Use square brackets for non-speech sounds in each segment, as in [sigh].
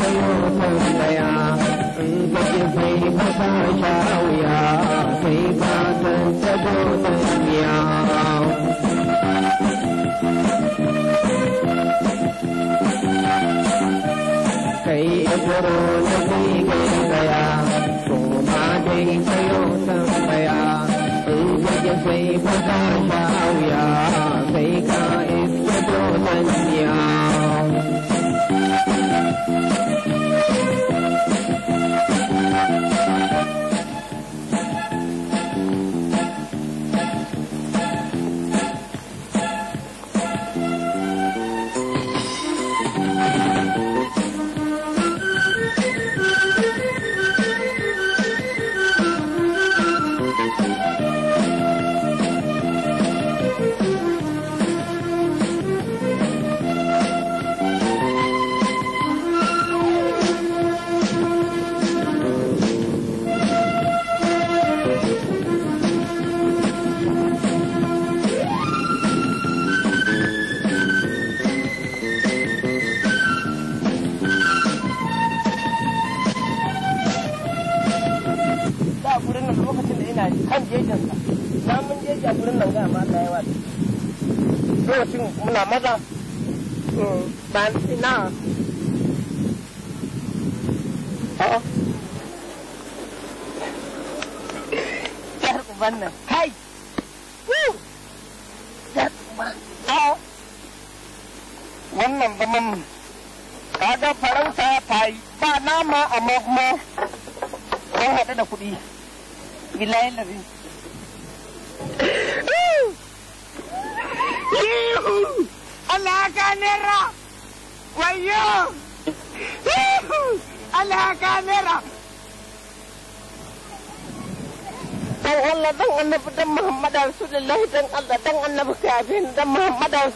谁用什么呀？谁也不差呀。谁把人照顾得呀？谁也不容易呀。谁骂谁用什么呀？谁也不差呀。谁看谁多得呀？na maza Ba na. Yar uban Wannan zaman kaga farauta ta yi ba nama a kuma sun haɗu da kuɗi. Bilayen da kakana dan Allah dan annabi dan Muhammad dan Allah dan annabi kafin dan Muhammad Allah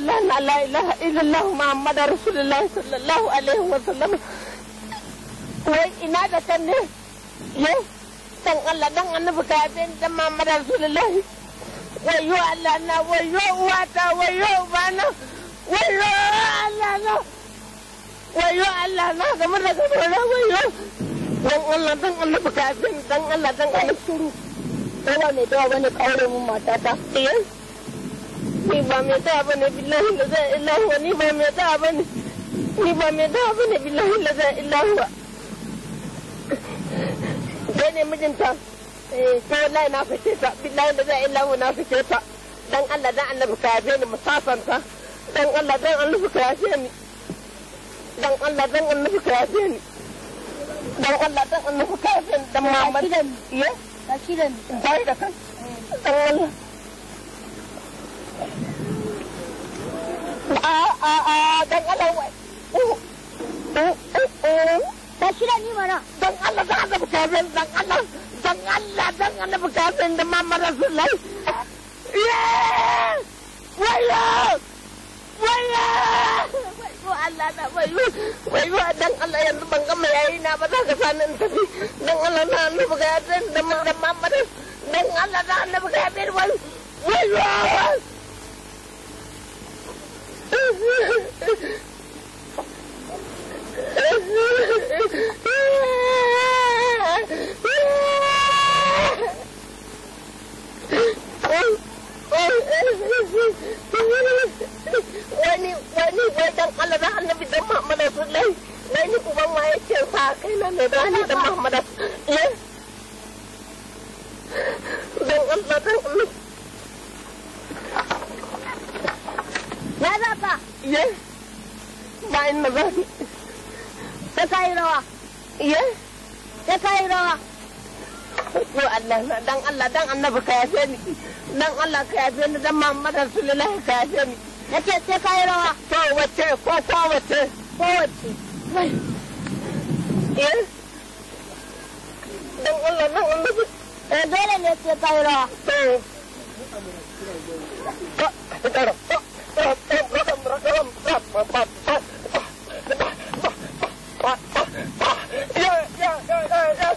na la ilaha illallah Muhammad sallallahu alaihi wa sallam wai ina da kan ne ye dan Allah dan annabi kafin dan Muhammad Allah na wayo uwata wayo ubana Allah na wayo Allah na gamu da gaba na wayo dan Allah dan Allah bukafin dan Allah dan Allah suru dawa mai dawa bane kaure mun matata eh ni ba mai dawa bane billahi la ilaha illa huwa ni ba mai dawa bane ni ba mai dawa bane billahi la ilaha illa huwa dai ne mijinta eh ta wallahi na fice ta billahi la ilaha illa huwa na fice ta dan Allah dan Allah bukafin musafanta dan Allah dan Allah bukafin dang on la dang on mu kaden dang on la dang mama den ye da kan dang on a a a dang on la wai o ni mara dang on la dang on mu kaden dang on la dang on mama rasulai ye wala waya wayo Allah na wayo wayo dan Allah yanzu ban gama yayi na ba za ka sani in tafi dan Allah ba annabi ga dan dan ba Muhammad dan Allah na annabi ga bir wai wayo Oh wani wani wajen Allah da annabi dan Muhammad Rasulullahi na ni uban ma yake sa kai na ne da ni dan Muhammad dan Allah dan Allah ya za ta ye ba in na za ta kai rawa ye ta kai rawa ko Allah dan Allah dan annabi ka yafe ni dan Allah ka yafe ni dan Muhammad Rasulullah ka yafe ni nace sai kai rawa ko wace ko ko wace ko wace eh dan Allah dan annabi eh dole ne sai kai rawa to Yeah, yeah, yeah, yeah, yeah.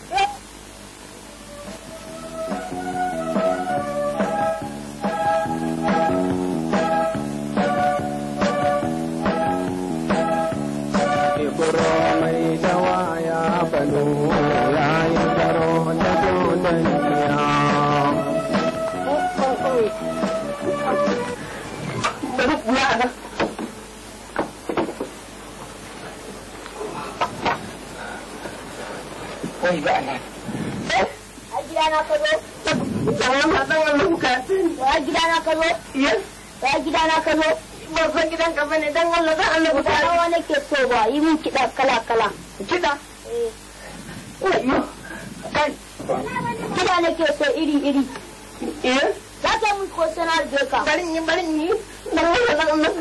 gidana ka zo? Zaman haɗa wannan bukatun. Wa gidana ka zo? Yes. Wa gidana ka zo? Ba san gidan ka bane dan Allah dan Allah ku tare. Wa nake so ba yi min kiɗa kala kala. Kiɗa? Eh. Kiɗa nake so iri iri. Eh. Za ka mun ko sanar da ka. Barin yi barin yi. Dan Allah dan Allah.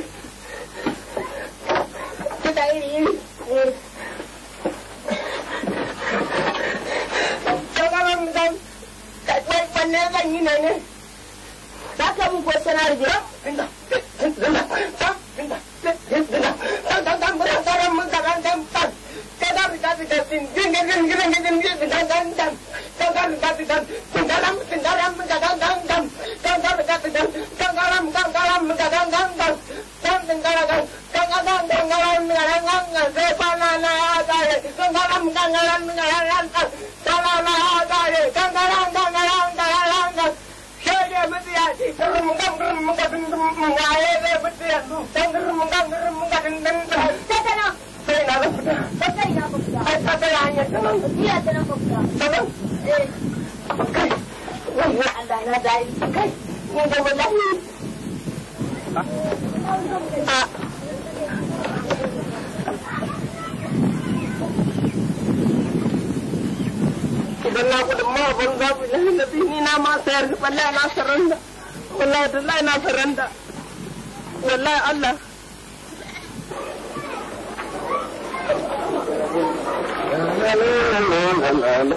Salamu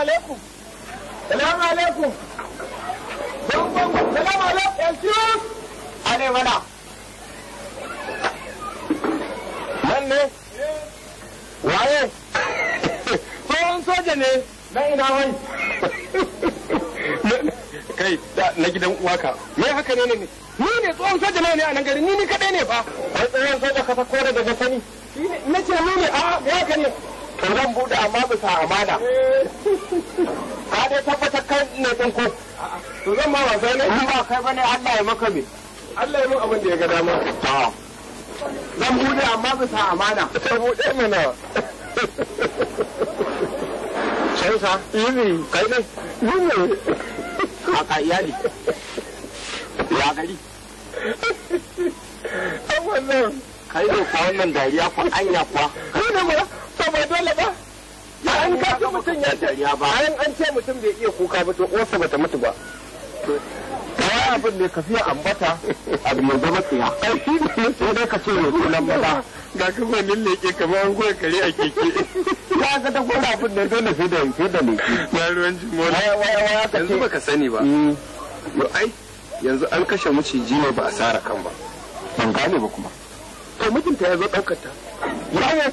alaikum. Salamu alaikum. Salamu alaikum. Yanzu. Ale mana. Nan ne? Waye? Tsohon soja ne na ina wai. Kai, na gidan uwaka. Me haka ne ne? Ni ne tsohon soja ne a nan gari, ni ni kaɗai ne fa. Wai tsohon soja ka sako daga sani. Na ce ni ne, a'a ah, a haka ne. to zan bude amma bisa amana eh. ka dai tabbatar kan ne din ko to zan ma wasa ne ba kai bane Allah ya maka me Allah ya mun abin da ya ga dama zan bude amma bisa amana to bude mana sai sa yini kai ne yini aka iyali ya gari wannan kai ne fa wannan dariya kwa anya kwa? kai ne ba to ba dole ba yayin ka ce mutum ya ce ba an ce mutum bai iya kuka ba to uwarsa bata mutu ba kawai abin da ka fiye ambata a da zama tsiya ai shi ne sai dai ka ce ne sunan maza ga nin ne ke kamar an goya kare a keke ka ga da gona abin da dole sai da sai da leke ba ruwan jimola yanzu baka sani ba yo mm. ai yanzu an kashe maciji ne ba a sara kan ba ban gane ba kuma to mijinta ya zo ɗaukar ta yawo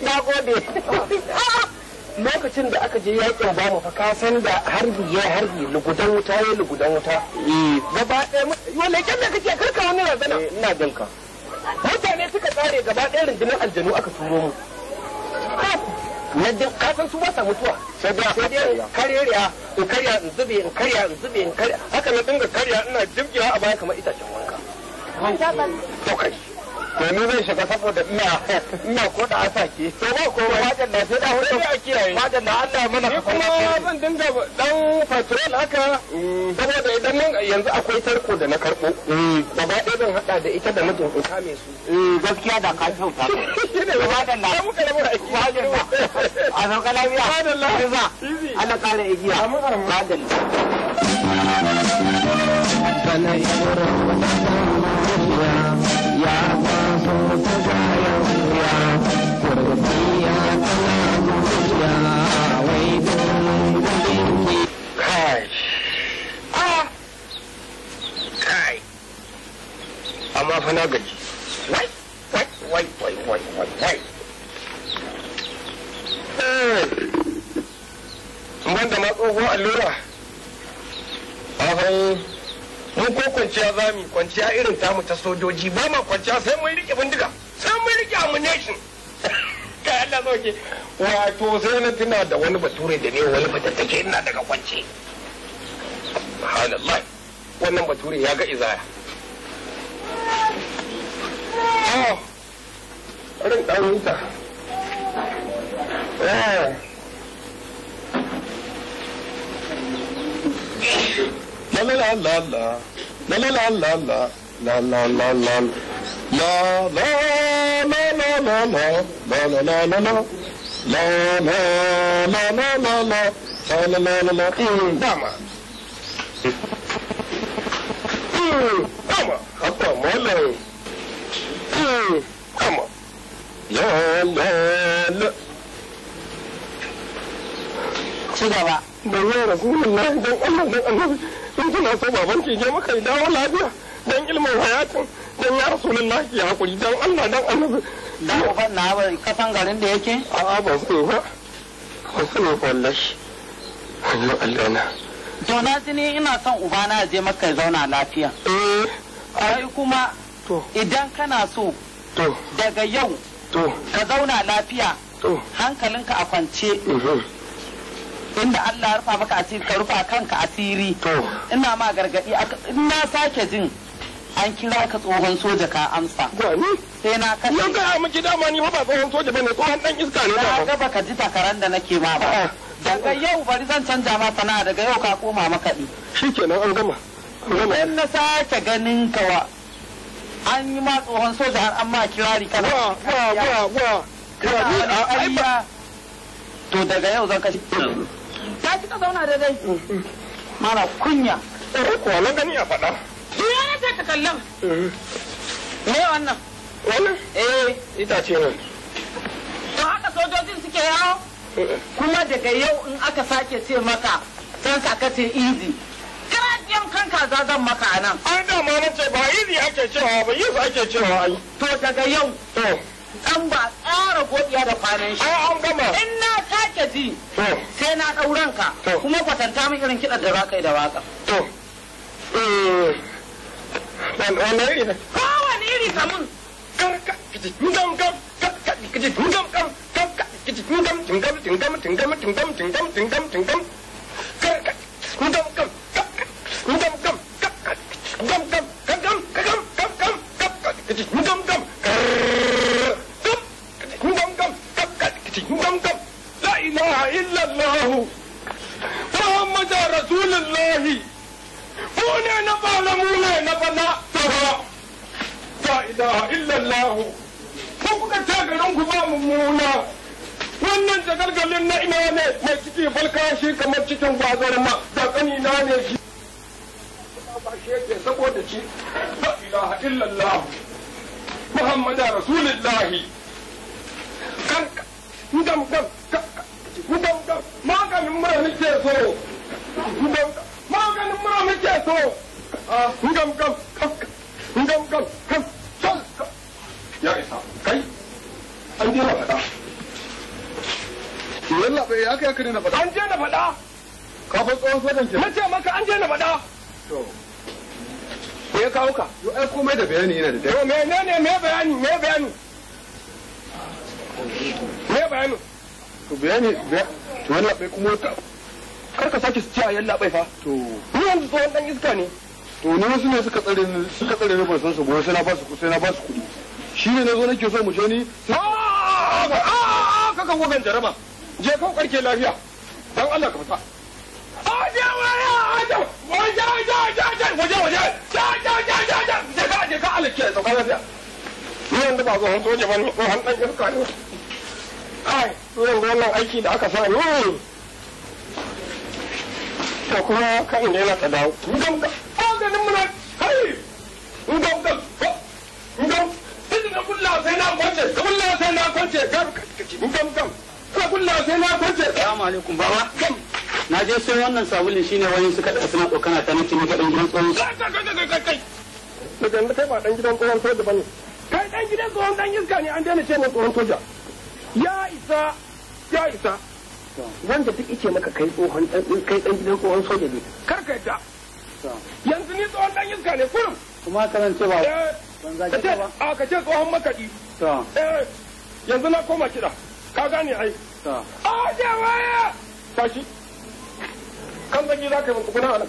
Na gode. Lokacin da aka je yakin bamu mu ka san da harbi ya harbi lugudan wuta ya lugudan wuta. Eh. Gaba ɗaya wala kyan da kake karka wani razana. Eh, ina jin ka. Mutane suka tsare gaba ɗaya rundunar aljanu aka turo mu. Na jin ka san su ba sa mutuwa. Sai dai karya in karya in zube in karya in zube in karya haka na dinga karya ina jibgewa a baya kamar itacen wanka. Kai. domin zai shiga saboda ina ina ko da to ba ko ba wajen da sai da a kiyaye wajen da Allah mana ka kuma zan dinga dan mm. saboda idan mun yanzu akwai tarko da na karbo mm. gaba ɗaya zan hada da da mijin mm, da ka kyauta [laughs] shine da a wajen da a sauka lafiya amma fa na gaji wai wai allura mun ko kwanciya za mu kwanciya irin tamu ta sojoji ba ma kwanciya sai mun rike bindiga sai mun rike ammunition [laughs] kai Allah sauke wato sai na tuna da wani bature da ne wani take ina daga kwance subhanallah wannan bature ya ga izaya oh ah. irin dan wuta eh La la la la la. La la la la la. La la la la. La la la la la la. La la la la la. La la la la la la. La la la la la. La la la. in kuna so baban ki je maka dawo lafiya dan ilmin hayatin dan ya rasulullahi ya hakuri dan Allah dan annabi da ba na ba kasan garin da yake a'a ba su ba ba su ne wallahi Allah Allah na to na ji ina son uba na je maka zauna lafiya eh ai kuma idan kana so daga yau ka zauna lafiya hankalinka a kwance mhm. inda Allah ya rufa maka asiri ka rufa kanka asiri ina ma gargadi in na sake jin an kira ka tsohon soja ka amsa sai na kashe yau ga miki dama ni ba tsohon soja bane tsohon dan iska ne da ga baka ji takaran da nake ma ba ah. daga yau bari zan canja ma sana'a daga yau ka koma makaɗi shikenan an gama idan na sake ganin ka wa an yi ma tsohon soja har an ma kirari kana wa wa wa wa kana to daga yau zan kashe Ka ci ka zauna da dai. Mm, mm. Mana kunya. Eh na wannan gani a faɗa. Duniya na ta kallon. Eh. Me wannan? Wannan? Eh, ita ce To haka sojojin suke yawo? Eh. Kuma daga yau in aka sake ce maka san saka ce easy. Kirajen kan kaza zan maka a nan. Ai da ma ce ba easy ake cewa ba yusu ake cewa ai. To daga yau. To. dan ba tsara godiya da kwanan shi. An gama. In na sake ji. Sai na ɗauran ka. Kuma kwatanta min irin kiɗan da za ka yi da waka. To. Wanda iri ne? Kowane iri kamun. Karka kiji tungam kam. Karka kiji tungam kam. Karka kiji tungam tungam tungam tungam tungam tungam tungam tungam. Karka tungam kam. Tungam kam. Tungam kam. Kam kam kam kam kam kam kam. Kiji tungam kam. gwamnati damdam la ilaha illallah muhammad rasulullah mu ne na bala mu ne na bala tawa la ilaha illallah ko kuka ta garin ku ba mummuna wannan jagargalin na ina ne mai ciki falka shi kamar cikin gwazar ma da kani na ne shi saboda shi la ilaha illallah muhammad rasulullah kan ndam dam ndam dam maganin mura nake so maganin mura nake so ah, ndam dam ndam dam kam sol ya isa kai an je na faɗa bai ya kai kare na faɗa an je na faɗa ka fa tsohon fadan ke nace maka an je na faɗa to ko ya kawo ka yo ai komai da bayani yana da dai to menene me bayani me bayani me bayanin to bayani to wannan bai kuma ka kar ka sake ci a yalla bai fa to ni yanzu tsohon dan iska ne to ni wasu ne suka tsare ni suka tsare ni ban san su ba sai na ba su sai na ba su kudi shine nazo nake so mu je ni ah, a ah, ah, kaka gogan jaraba je ka karke lafiya dan Allah ka fita aje waya aje waje waje waje waje waje ja ja ja ja ja je ka je ka alake sauka ba ne kai irin wannan aiki da aka sa ni to kuma inda yana ta dawo ngam ga muna kai ngam ga ngam na sai na kwance sai na kwance ngam ngam sai na kwance assalamu alaikum baba na je wannan sabulin shine wani suka da suna ta ga dan gidan tsohon kai kai kai kai kai kai ba dan gidan kai dan gidan dan iska ne an daina ce ne tsohon soja ya isa ya isa wanda duk ice maka kai tsohon kai dan gidan tsohon soja ne kar ka yadda yanzu ni tsohon dan iska ne kurum kuma ka nan eh, ce ba ban zaki ba a ka ce tsohon makaɗi eh, yanzu na koma kiɗa ka gane ai a ce waya tashi kan zagi za ka yi mun kuna nan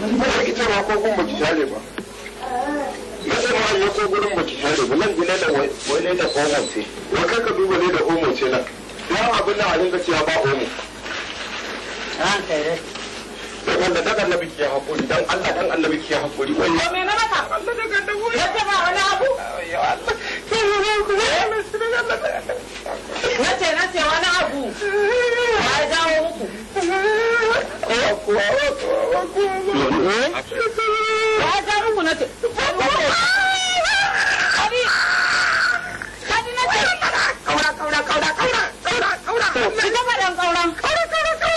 ba da ita ma ko kun ki share ba masarwa ne ko gurin ba ki share ba nan gine da wani da homo ce wa kai ka duba ne da homo ce nan don abin da halin ka ce ba homo. Ah, kai wanda da annabi ke hakuri dan Allah dan annabi ke hakuri ko me na maka Allah da wuri yadda ba wani abu ya Allah sai ne ku na ce na ce wani abu ya jawo muku na ce Kaura, kaura, kaura, kaura, kaura, kaura. Kaura, kaura, kaura.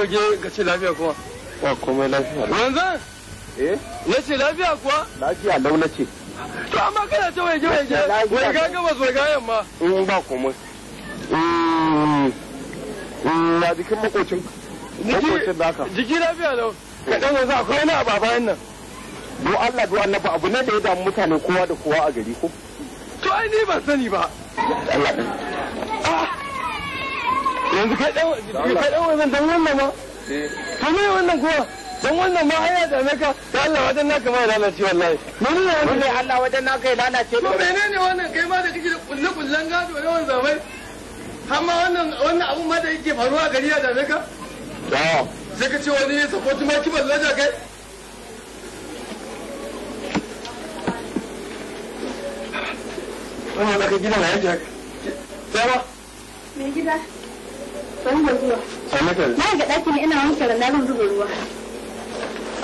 waje ka ce lafiya kuma. Ba komai lafiya. Wanzan? Eh? Na ce lafiya kuwa? Lafiya lau na ce. To amma kana ta waje waje wai ga gabas wai ga yamma. In mm, ba komai. na mm, mm, jikin makocin. Makocin da naka. Jiki lafiya lau. Kaɗan yanzu akwai wani abu a bayan nan. Do Allah do Allah ba abu ne da ya damu mutane kowa da kowa a gari ko? To ai ni ban sani ba. Allah yanzu kai dan wannan dan wannan ma eh. to me wannan kuwa dan wannan ma ai da Allah wajen naka lalace wallahi mun ne ne Allah wajen naka ya lalace to menene wannan kai ma da kike kullu gado wannan zamai wannan wannan abun ma da yake faruwa gari ya to sai ka ce wani kiban laja kai wannan da ka gidan ya sai ba me gida Sanda zuwa. Sanda ka. Na ga ɗakin ina wanke rana zan zuba ruwa.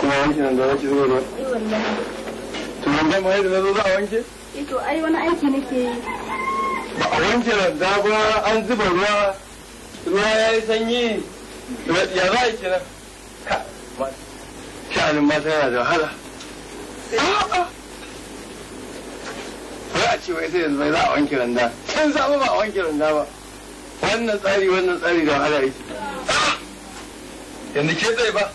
Kuma wanke nan rana zan zuba ruwa. Eh wallahi. To mun ga mai da zo za a wanke? Eh to ai wani aiki nake yi. Ba a wanke rana ba an zuba ruwa. Ruwa ya yi sanyi. Ya za a yi kenan? Ka. Sha'anin mata yana da wahala. A'a. Ba a ce wai sai yanzu bai za a wanke randa. Can za ba a wanke randa ba. wannan tsari wannan tsari da ala yake yanzu ke tsaye ba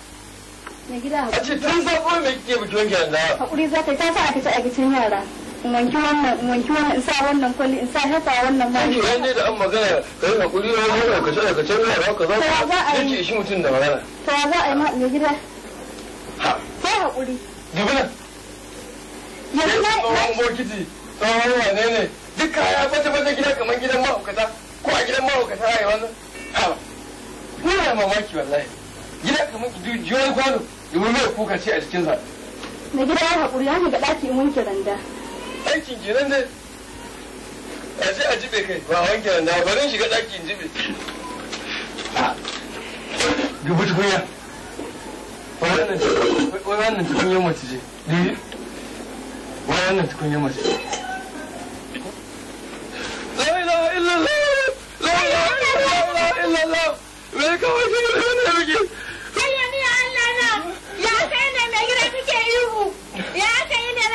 a ce tun safon mai kike bikin kyan da hakuri za ta ta sa a fita a gicin yara in wanki wannan in wanki wannan in sa wannan kwalli in sa haka wannan ma ni yanzu da an magana yi hakuri wani wannan ka kace ka ce yara ka za ka yi shi mutum da magana ta za a yi ma mai gida ha sai hakuri dubuna yanzu na bokiti tsohon wane ne duk kaya fata fata gida kamar gidan ma'aukata domin mai kuka ce a jikinsa. Na gida ya haƙuri ya shiga ɗaki in wanke randa. Aikin kenan ne. A je a jibe kai ba wanke randa ba zan shiga ɗaki in jibe. Dubu tukunya. Wai wannan tukunya mace ce. Lili. Eh. Wai wannan tukunyar mace ce. La ilaha illallah. La ilaha illallah. La ilaha illallah. Me kawai shi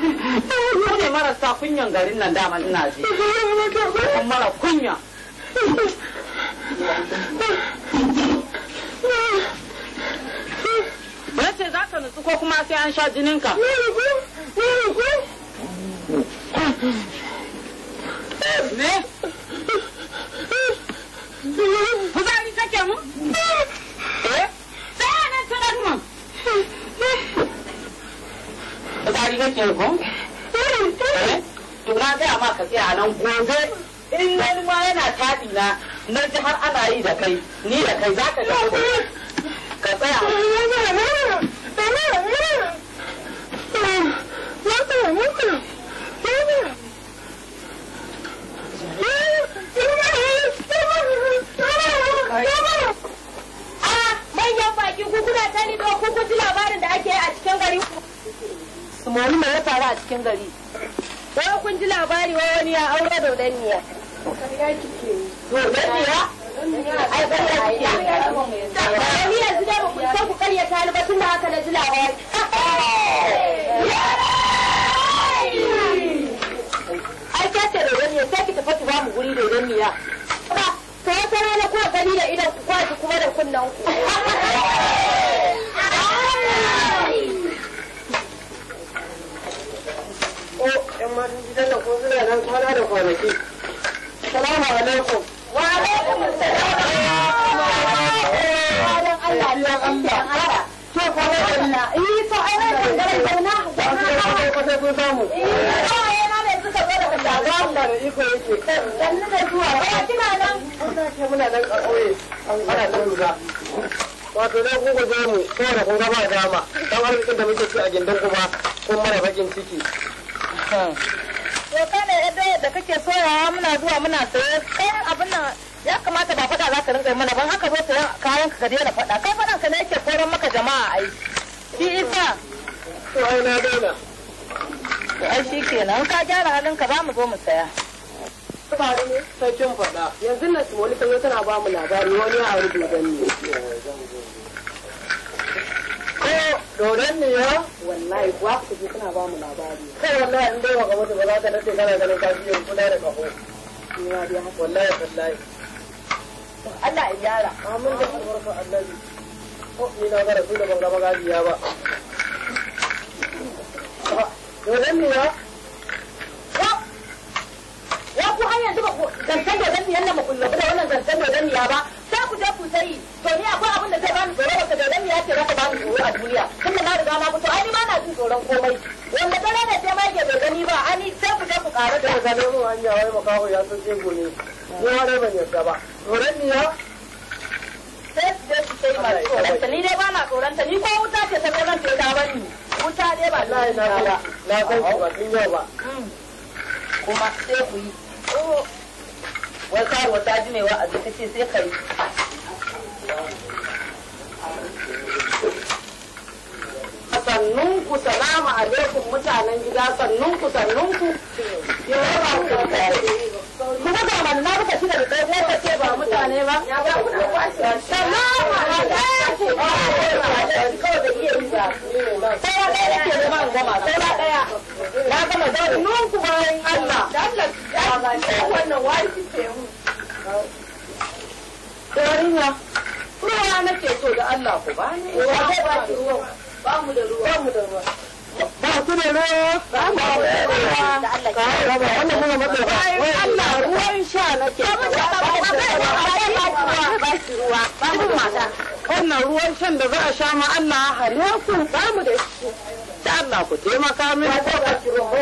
mara marasa kunyan garin nan dama ina ji mara kunya Bace za ka nutsu ko kuma sai an sha jininka. Ne? Kuzari kake mu? tsari kake ko eh? to na gaya ma ka tsaya nan gobe in wani ma yana taɗi na na ji har ana yi da kai ni da kai za ka gaba ka tsaya ah, manyan baki ku kuna ta ni ku ji labarin da ake a cikin gari mori mai ya faru a cikin gari wai kun ji labari wai wani ya aure da danniya Ni yanzu dai ku san ku karyata ni ba tun da haka na ji labari. Ai ta ce da danniya sai ki tafi ba mu guri da danniya. ta wata rana kuwa gani da idan ku kwaji kuma da kunnen ku. su suna nan kwana da kwanaki salamu alaikum wa alaikum Allah eh, na zo da ba mu saboda dama don arzikin da muke ci a gindin kuma kun bakin ciki hmm. da kake soyawa muna zuwa muna saye kayan abin nan ya kamata ba faɗa za ka rinka mana ban haka zo sayan kayan ka na faɗa kai faɗan ka ne yake koran maka jama'a ai shi isa to ai na daina to ai shi kenan ka gyara halin ka za mu zo mu saya faru ne sai kin faɗa yanzu na Simoli ta zo tana ba mu labari wani ya ari dogon ne ko eh, dodon ya wallahi ji ba mu labari kai wallahi in dai baka mutu ba za ka kana ganin ka biyo kuna da ni ma wallahi Allah ya amin da barka ko ni na ga rasul da ban ga magajiya ba ya ya ku har yanzu ba ku zancen dodon miyan nan ba ku da wannan zancen dodon miya ba sai ku je ku sayi to ni akwai abin da zai bani tsoro wata dodon miya ce zaka bani tsoro a duniya tun da na riga na fito ai ni ma na jin tsoron komai wanda dare ne sai ma ke da gani ba ani sai ku je ku ƙara da ga ne mun hanya wai makaho ya san sai gone ni ma dai ban yarda ba dodon miya sai ku je ku sayi ma tsoronta ni dai ba na tsoronta ni ko wuta ce ta tsoron ce ta bani wuta dai ba na na na san ba tun yau ba mm. kuma sai ku yi wata karuwa jimewa a sai ka yi sannunku salamu alaikum mutanen gida sannunku sannunku ya raba ku kuma ga mana na buka shida da kai ko ka ce ba mutane ba salamu alaikum sai na ɗaya ke zama in gama sai na ɗaya na gama sannunku bayan Allah wannan wani ce mu Yarinya, ruwa nake so da Allah ku bani. Ruwa zai ba ki ruwa. ba mu da ruwa ba mu da ruwa ba ku da ruwa ba mu da ruwa da Allah ka raba wannan ruwa ba wai Allah ruwan ruwa ba mu da ruwa ba su ruwa ba mu da wannan ruwan shan da za a sha ma Allah hare ku ba mu da shi da Allah ku taimaka mini ko ka ruwa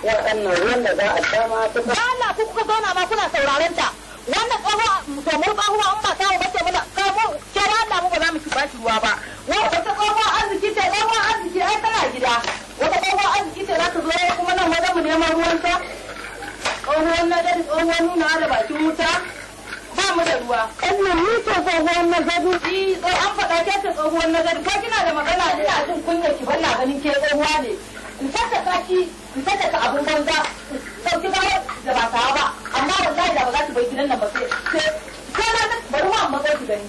ba ruwan da za a sha ma ta Allah ku kuka zauna ma kuna sauraron ta wannan ruwa to murɓa huwa in ba ta ba ce mana yau ke Allah mu ba za mu ki baki ruwa ba wata tsoho arziki ta ɗan uwan arziki ai tana gida wata tsoho arziki ta za ta zo kuma nan wajen mu neman ruwan ta tsohuwan na gari tsohuwan nuna da bakin wuta ba mu da ruwa ƙannan ni ce tsohuwan na gari i an faɗa ke ta tsohuwan na gari ko kina da magana ina jin kunya ki ban na ganin ke tsohuwa ne in sassaka ki in sassaka abun banza ɗauki ba da ba ta ba amma wallahi da ba za ki bai gidan nan ba sai sai sai na bari wa amma ki gani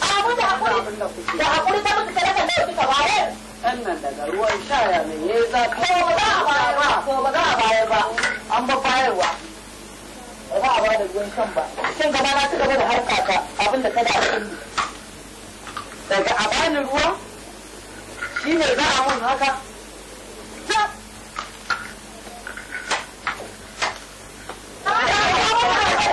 Abu da hakuri da hakuri ta muka sadaka nawa kika bayar. Ɗan nan daga ruwan sha ya mai ya za ka. Ko ba za a bayar ba. Ko ba za a bayar ba. An ba bayarwa. Ba za a bada ruwan shan ba. Shin gaba na ci gaba da harka ka abin da ka da abin. Daga a bani ruwa shi ne za a mun haka. Yeah.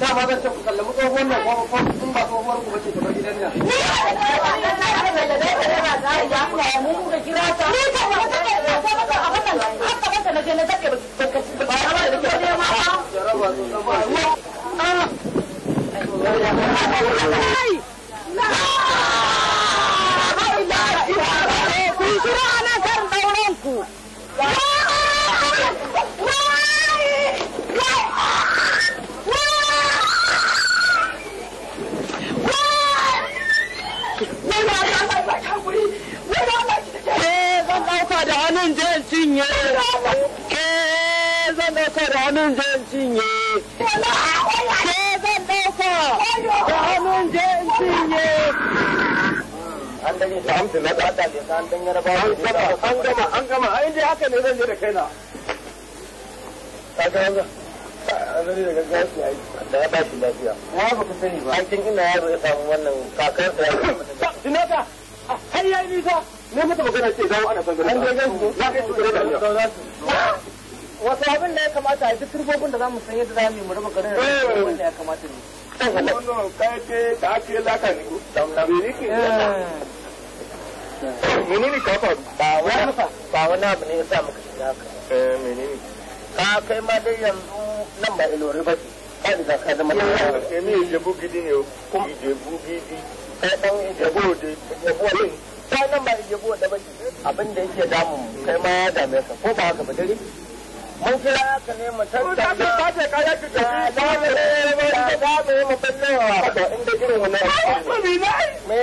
da ma zan ku kallamu tsohon nan ko ko kun ba tsohuwar ku bace ta gidan nan ni ba da kira ta ni ba ba ta ba ta abin nan haka ba ta naje na zake ba ka ba ba da ke ma jaraba to ba ah ai dangi da hamsin na dan an gama an gama an gama ai dai haka ne zan je da kaina ka wanda azari da yi da ya ta magana ce ya kamata a duk da za mu san yadda za mu yi mu da wanda ya kamata ne. menene ka faru ba wani ba wani abu ne yasa muka shiga haka eh menene ka kai ma dai yanzu nan ba ilori ba ba ni ka zama da ke mi jebu gidi ne kuma jebu gidi dan ne nan ba da ba abin da yake damu kai ma ya dame ka ko ba haka ba dare mun kira ka ne mu tattauna ta ta ta kaya ki da mu ne da mu mu ballawa inda irin wannan me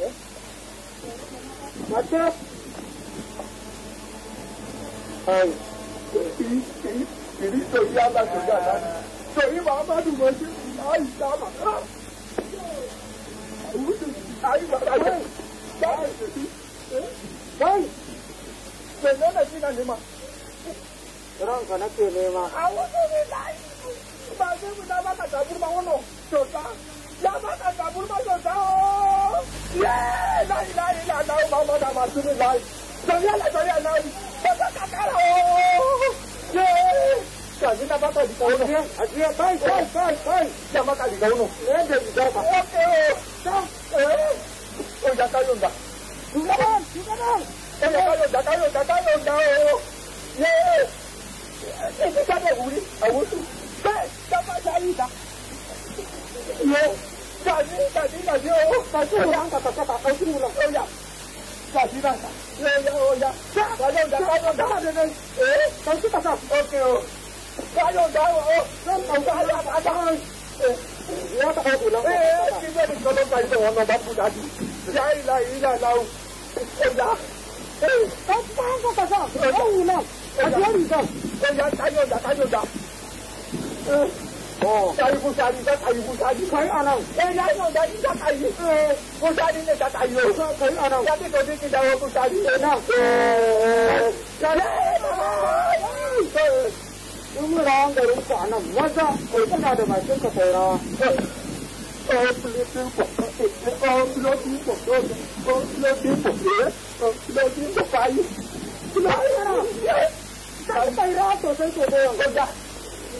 What's ìrí torí alágbèjà láti torí muhammadu mọ̀jú àìsà màá àwùjọ àìsà àwẹ̀ báyìí báyìí pẹ̀lú ọ̀nà sí náà ní ma. Ìrọ̀n kan náà kéde ma. Àwọn tó ní láyé ìgbà tó ń bá bàtà burúkú àwọn náà ṣọ̀tá. Yàrá bàtà burúkú ṣọ̀tá ooo. Yeah, la ilaha illallah Muhammad Rasulullah. Jọ̀yẹ́ lẹ̀ jọ̀yẹ́ lẹ̀ ọjọ́ kàkàrà ooo. Yéé. Jàdí náà não tọ̀ ìdìbò náà. Àdìyẹ báyìí não báyìí báyìí. Jàmbá ka ìdìbò náà. Ẹ bẹ̀ ìdìbò náà. Ókè o. O jà káyọ̀ ǹda. o jà káyọ̀ não káyọ̀ ǹda káyọ̀ ǹda o. Yéé. Èsì sábẹ̀ não àwòsù. Bẹ́ẹ̀ não Tàbí tàbí tàbí o. Tàbí o yà ń kàtà kàtà kan sí mi lọ. O yà. Tàbí náà sà. O yà o yà. Báyọ̀ ọ̀dà báyọ̀ ọ̀dà. Báyọ̀ ọ̀dà. Ee kàn sí kàtà. Ok o. Báyọ̀ ọ̀dà o. Lọ́nà ọ̀dà ayé àtàkà. Ìyá kàkọ́ kù náà. Ee kí bẹ́ẹ̀ ni kọ́lọ́ bá ilé wọn náà bá kú dájú. Yá ìlà ìlà ìlà o. Ọ̀dà. Ee ọ̀dà kàtà kàtà. Ọ̀wù náà. Àjọ tayi kusari ta tayi kusari kai ana eh na yo da ta tayi eh kusari ne ta tayi yo kai ana ya te ko ti da kusari ne na eh kale तुम राम करो खाना मजा कोई ना दे मैं तुमको कह रहा और प्लेट को और प्लेट को और प्लेट को और प्लेट को पाई ना ना कल पाई रात होते तो दे अंदर जा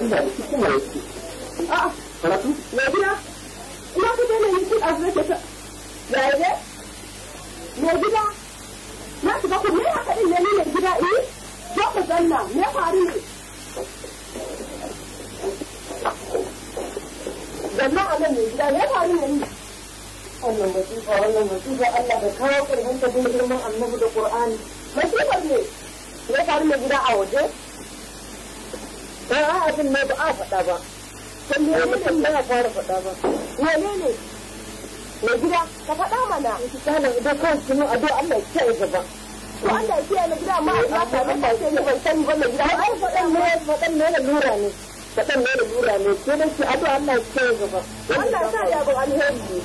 ina da cikin da yake a'a karatu ya gida ina ku dole yin kin ta ne gida na su ba ku me ne gida zanna me faru ne zanna ne gida me faru ne wannan masifa wannan masifa Allah da kawo kurhanta bin girman annabi da Qur'ani masifar ne ya faru ne gida a waje a abin ne ba a faɗa ba don ne mutum ba fara faɗa ba wane ne Na gida ka faɗa mana misalin idan kan sunu ado Allah ya kiyaye gaba to Allah ya kiyaye na gida ma ya ta ba sai ban sani ba mai gida ai faɗan ne faɗan ne na lura ne faɗan ne na lura ne ke da shi ado Allah ya kiyaye gaba Allah ya sa ya ba alheri ne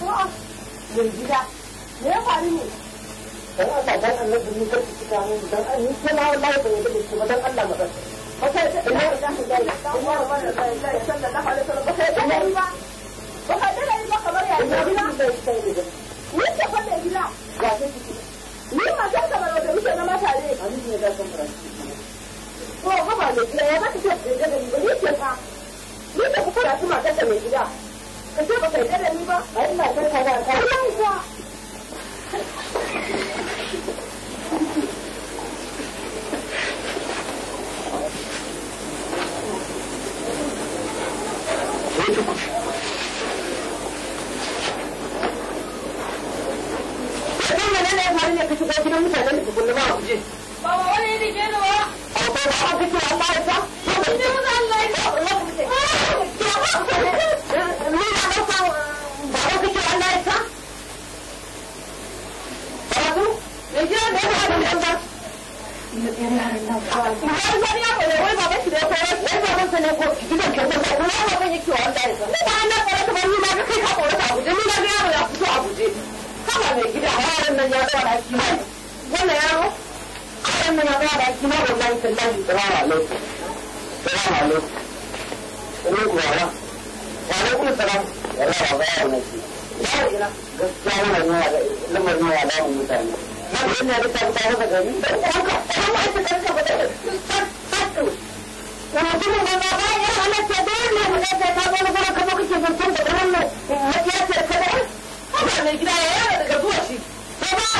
to ah, mai gida me ya faru ne dan Allah dan annabi ni kai ki kawo dan an ni kuma Allah ya yarda da kuma dan Allah madan haka ina ina ina ina sallallahu alaihi wasallam ba kai da ba ba kai da ba kamar ya ina ina ni ta fada gida ga ke ki ni ma ta ta ba da da. na mata ne ani ne da san fara ko ba ba da gida ya ba ta ce da ni ce fa da. ta ku fara kuma ta mai gida ka ce ba kai da ni ba da. ina ta ka da ka ku Ba wani ne ya da gida Wannan yaro wannan na ba da shi ma ta ta ta ta ba ya ta ya ina ta wannan ta ta ta ta ta ta gari da ta kuma ai ta ta ta ta ya ta ta ta ba ta ta ta ne ya ta ta ya ta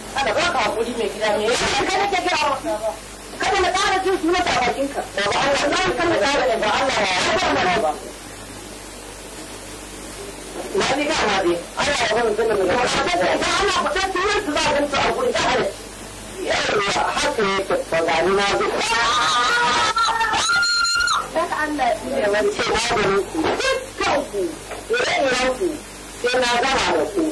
Ana ba ka hakuri mai gida Kada ka gaya masa Kada na ƙara jin sunan ta bakinka. Da ba Allah ba kan na ƙara da ba Allah ya ba. Na ni ga ma dai. Allah ya ba mutum da mutum. Ba ana faɗa sunan su za a ganta a gurin ta hare. Yawa haka na zo. Dan Allah ya ku. Dukkan ku. ire Sai na gama da ku.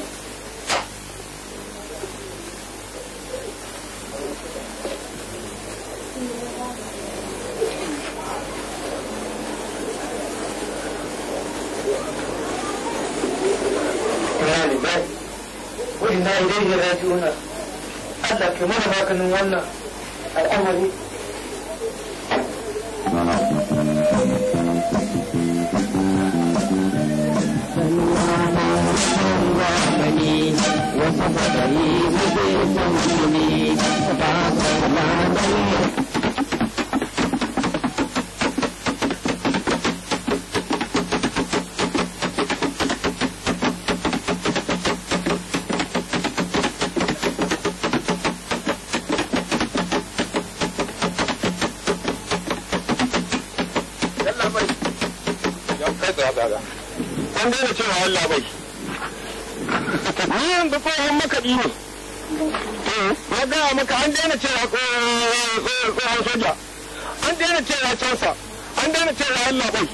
ilaihi raji'una Allah ke mana maganin wannan al'amari wasu badari zai zai ne ba su iman eh, na gaya maka an daina cewa tsohon soja an daina cewa an daina cewa dai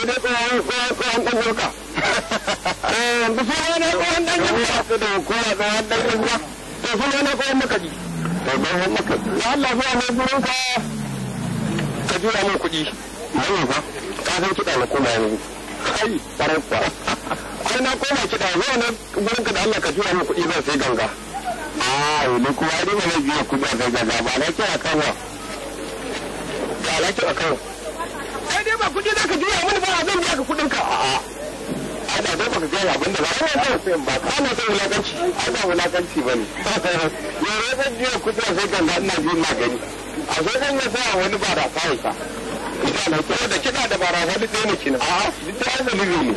tsohon tsohon [laughs] eh, na tsohon da kowa tsohon to na tsohon tsohon ya Allah zuwa gurin ka ka jira min kuɗi mai ba ka san kiɗa na kuma yanzu kai ƙwarai ai na koma kiɗa zuwa na wurin ka da Allah ka tura mu kuɗi zan sai ganga ai ni kuwa ni ba zai biya kuɗi zai ganga ba na kira wa ba na kira wa. kai dai ba kuɗi zaka ka mun ba ba zan biya ka kuɗin ka a'a da dai baka gaya abin da ba Ai son sayan ba ka na son wulakanci ana wulakanci bane [laughs] Yau zan biya kuɗi sai ganga ina biyan na gani a zo zan yi sa wani ba da kawai ka da kiɗa da barasa duk ɗaya ne kina. a'a duk ɗaya da ne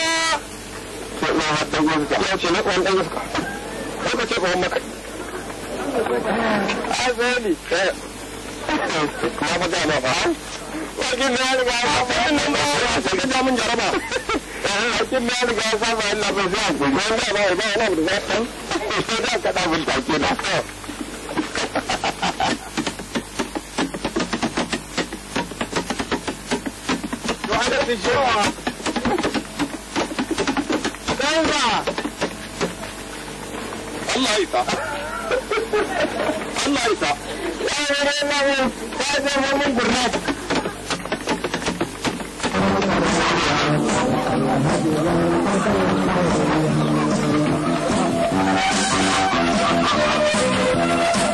dan ce na uwan dan na haura Allah ya Allah Thank you.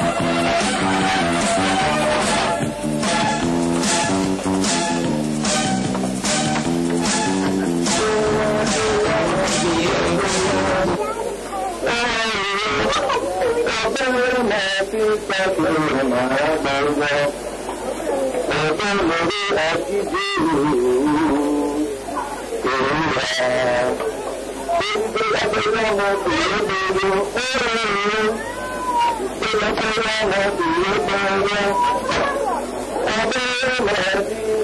يكون عبدا وكل أجدين كلا كنت أبلغ بيد القرآن بالسلامة يدعى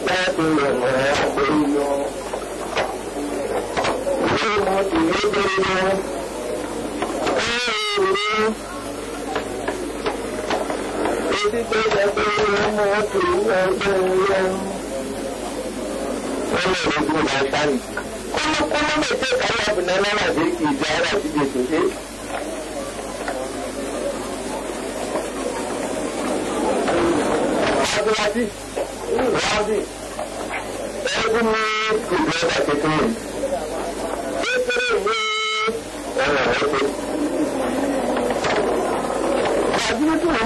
قبل عزيزة العبد يموت يدعى sani kuma kuma mai ce ka yi abu na lana da yake jara shi ke sosai Abdulhadi, Abdi, ɗaya ne ku ga da ke kuma. Ke kare ne,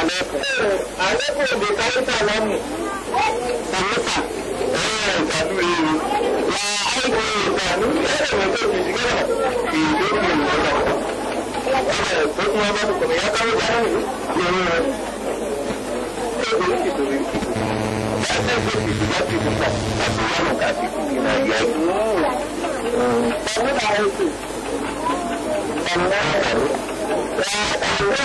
alaikum alaikum bai kayi salamu samusa eh sanu eh ya aiko sanu kada mai kai shiga Thank you. da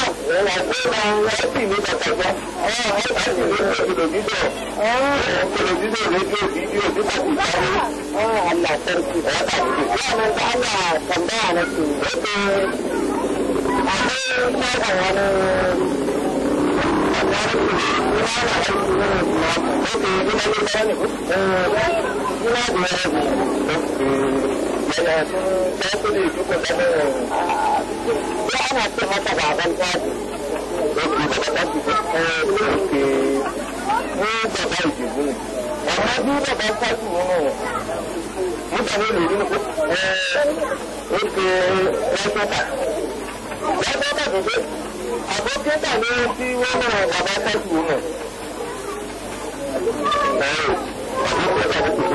Thank you. ko ana ce masa baban daji amma duk da ban tashi ne mutane ne ne oke rakota rakota da dai abokin da ne shi wannan gaba tashi ne eh,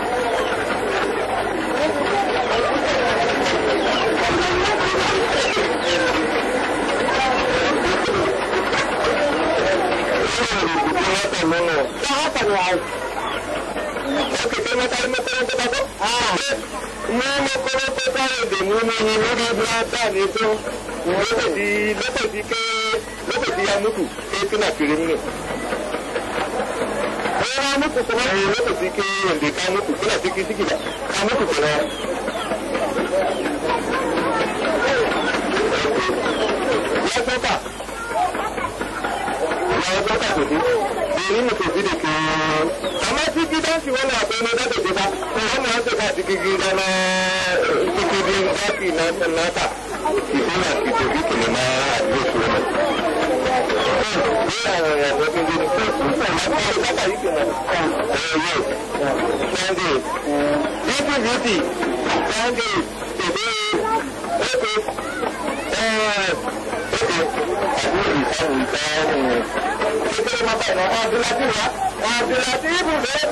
haka ne ne ai Ok, ka ya ɗauka tofi domin na tofi da ke amma da ta gida bana aldılar ya. Aldılar değil bu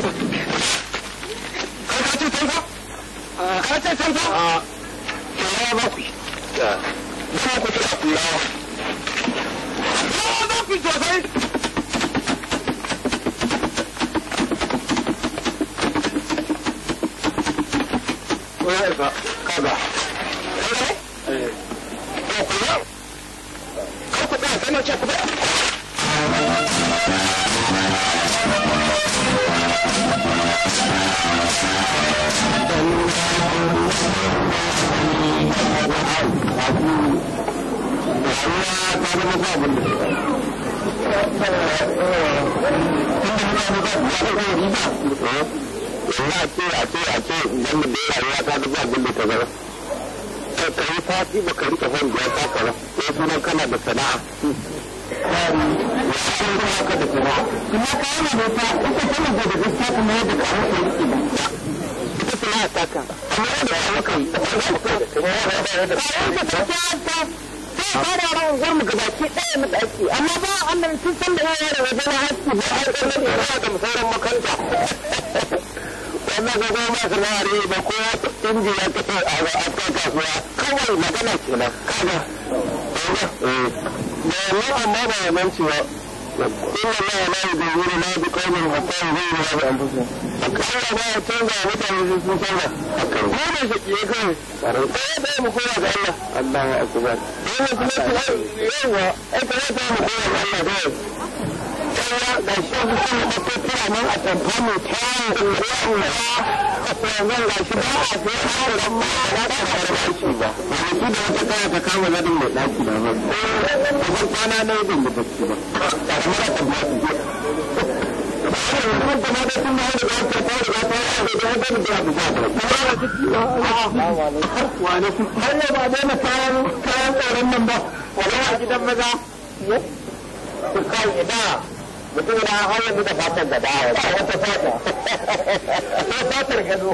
ka ce tanko? ka ce tanko? samun zai yi da amfusu kawai ba ya canza mutane su sun canza ko da shaki ya kawai ko da mu koya ga Allah Allahu akbar wannan kuma su yawa ai ko da mu koya ga Allah kawai kawai da shi su sun da tafiya nan a tabbar mu tawo da yawa wannan ga shi ba a sai da amma ya da farko ba shi da wata kaya ta kama ladin mai daki da ba ko kwana na yin da ba ba Hanyar ba daina kayan tsoron nan ba, wani a gidan maza. Ku kai ina mutum na hanyar da fatar da dawa ba wata fata. Ko fatar gado.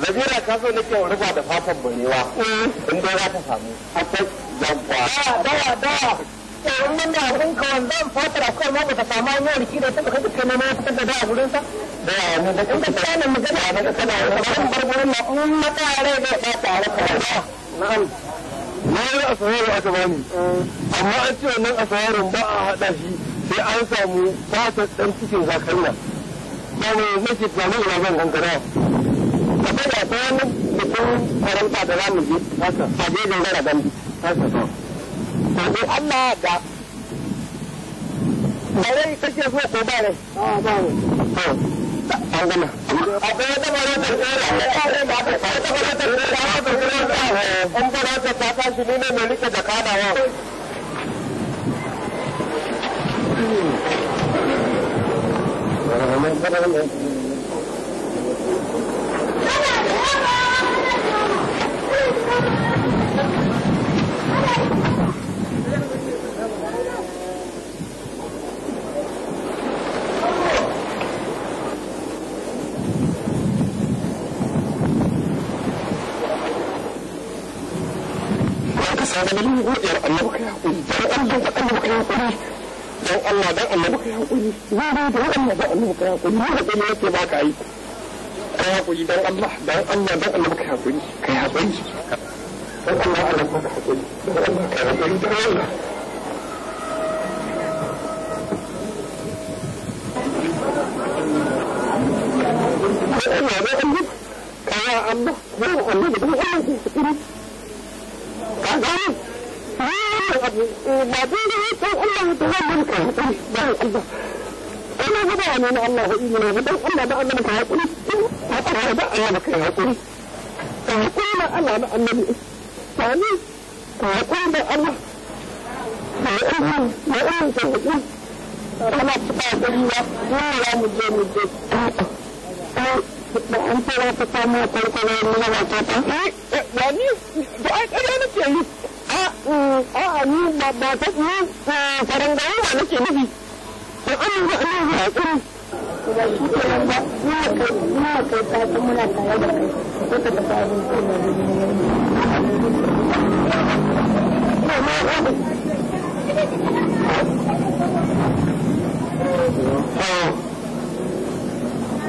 Zabira ta zo nake rufa da fatar burewa. In dai za ta samu. Akwai zagwa. Dawa dawa dawa. tsarin wannan abin kawan zan fatar a kan mata ta samu an yawar kira ta baka duka nema fitar da Da da a daga kana na ta Amma an ce wannan asarar ba a haɗa shi sai an samu fatar ɗan cikin zakar Ba mai nake tunanin ina zan gangara. Akwai da ta wani mutum karanta da za mu je. Haka. Ba je gangara roƙi Allah da ba so ko ba ne a ba ne an gama akwai wata ya ta da ka zama yin godiyar annabi ka da annabi ka hakuri dan Allah dan annabi ka hakuri ni dai da Allah da annabi ka hakuri ni da kai ba ka yi ka hakuri dan Allah dan Allah dan annabi ka hakuri Allah Allah ka Allah ka Allah Allah da Allah ka kaya Allah Allah da Allah ka ba dai dan Allah da wannan ka hakuri dan Allah kana ga bayanin Allah ina ga dan Allah da Allah ka mu je da an tura ta samu ta ba ai tsada yi a a ni ba ba ta gawa ba nufi an ba shi ke nan ba kai kai ta muna tare da kai ko ta da Oh.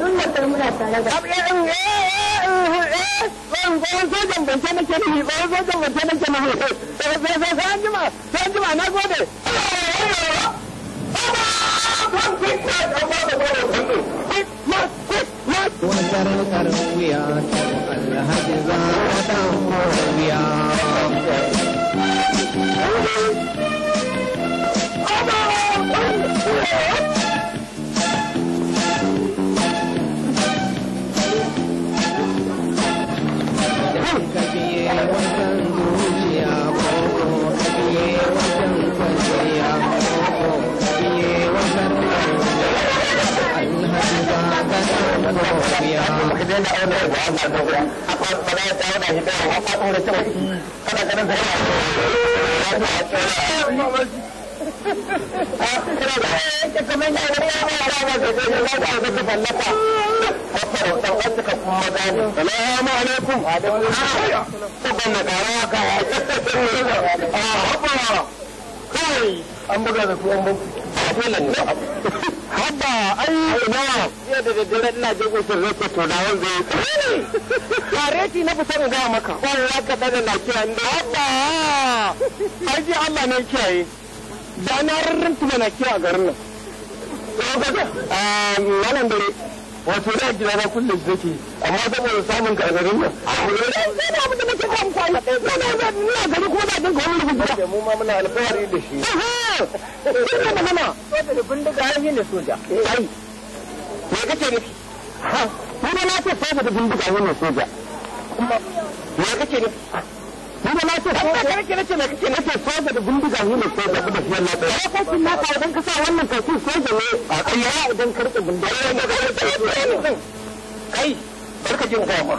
Dun Yeah. السلام عليكم تقلنا كراكا اه هبا كوي an buga da ku an buga wannan na haba ai ya da daddare ina je gusin rake to wanda ya na fita in ga maka wallahi ka dana na kira ni haba ai ji Allah kiyaye da na garin nan ah, malam dare wato na gida na kullum take amma saboda samun gargarin nan a ne da sai da abin da muke kan kwana kai ko na zan ina gari ko na wani da mu ma muna alfahari da shi aha ina magana da bindiga har yin soja ai me kake nufi ha ni na ce sai da bindiga har yin soja kuma me kake nufi kuma na ce ko da kake nace kake ko da bindiga ne ko da kuma shi Allah ko kin na ka sa wannan kafin soja ne a Allah idan ka rike bindiga kai barka jin gama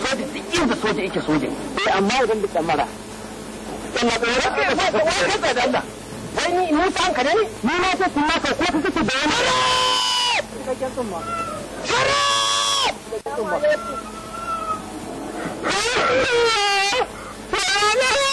soja duk inda soja yake soja eh amma idan da kamara kana da rake ba wani da Allah wai ni mun san ka ne ni na ce kin ko kake da wani kare.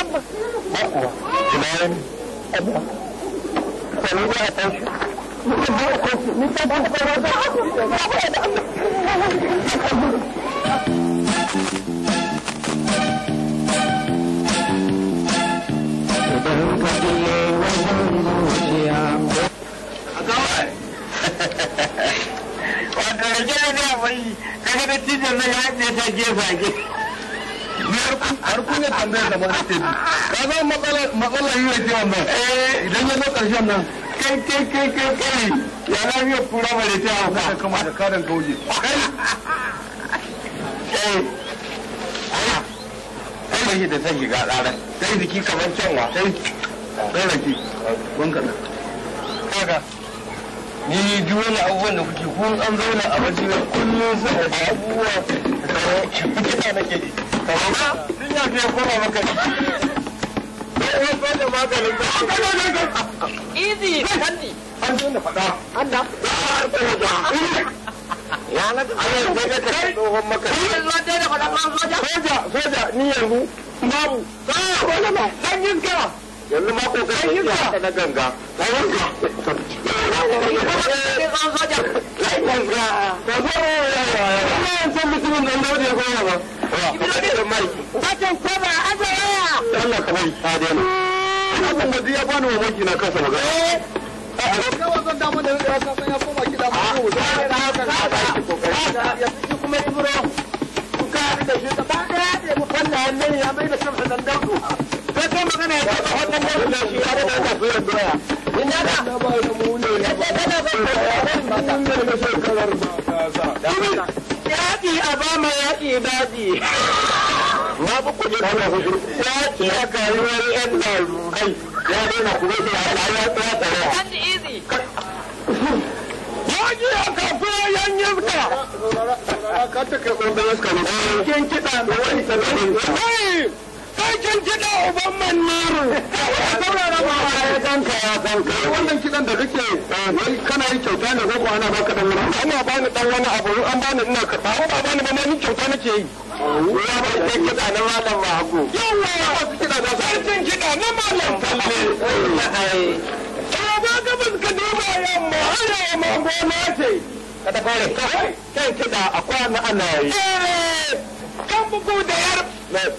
Bakuwa. wani. a tashi. Wato da jami'a bai, kaga da na ya ce ta har kun ya tambayar da mara tebi ka zama matsala yi rake wannan eh, idan ya zo ƙarshen nan kai kai kai kai kai ya lafiya kura ba da ta hauka ka kama da karin kauje eh. kai kai da sanyi ga tsaran kai jiki kamar kyanwa kai kai rake wanka da kaga ni duk wani abubuwan da kuke kun an zauna a waje kullum suna da abubuwa da kamar nake ji kamar ba sun ya fiye koma maka ji sai ba da maganin ba ka ga ga ga easy kandi an zo na faɗa an ya na ta Allah ya ga ta tsohon maka ni yanzu an daina faɗa ba soja soja soja ni yanzu babu ba ko ba dan yin kira yanzu ma ko kai yin ta na ganga ta ya bani na kasa magana. Eh. ya kasan ya ya dan daudu. ne magana ya taɓa wannan da kuma shi ya daɗa da zuwa doya. Ina da ya taɓa da Yaƙi a ba ma yaƙi daɗi. Na fi kuɗi kana hudu. Yaƙi a kayuwar ƴan lalurai. Ya daina kuma shi a rayuwa ta tsara. Kan Yaƙi a kafiyoyin yifta. Ka ta kai ƙwanda wasu kamar. Kin kiɗa da wani tsanin. Sarkin kiɗa uban mannaro. Saurara ya Wannan kiɗan da kake eh, wai kana yi kyauta ne ko ana baka dan wani. Ana bani dan wani abu an bani ina ko ba ba ma ni kyauta nake yi. Ya ba ke kiɗa na malam ba Yawa. Masu kiɗa da sarkin kiɗa na malam eh. Ba gabas ka duba yamma har yamma gona ce. Kada fara kai. kiɗa a kwana ana yi. Eh! Kan bugu da yar.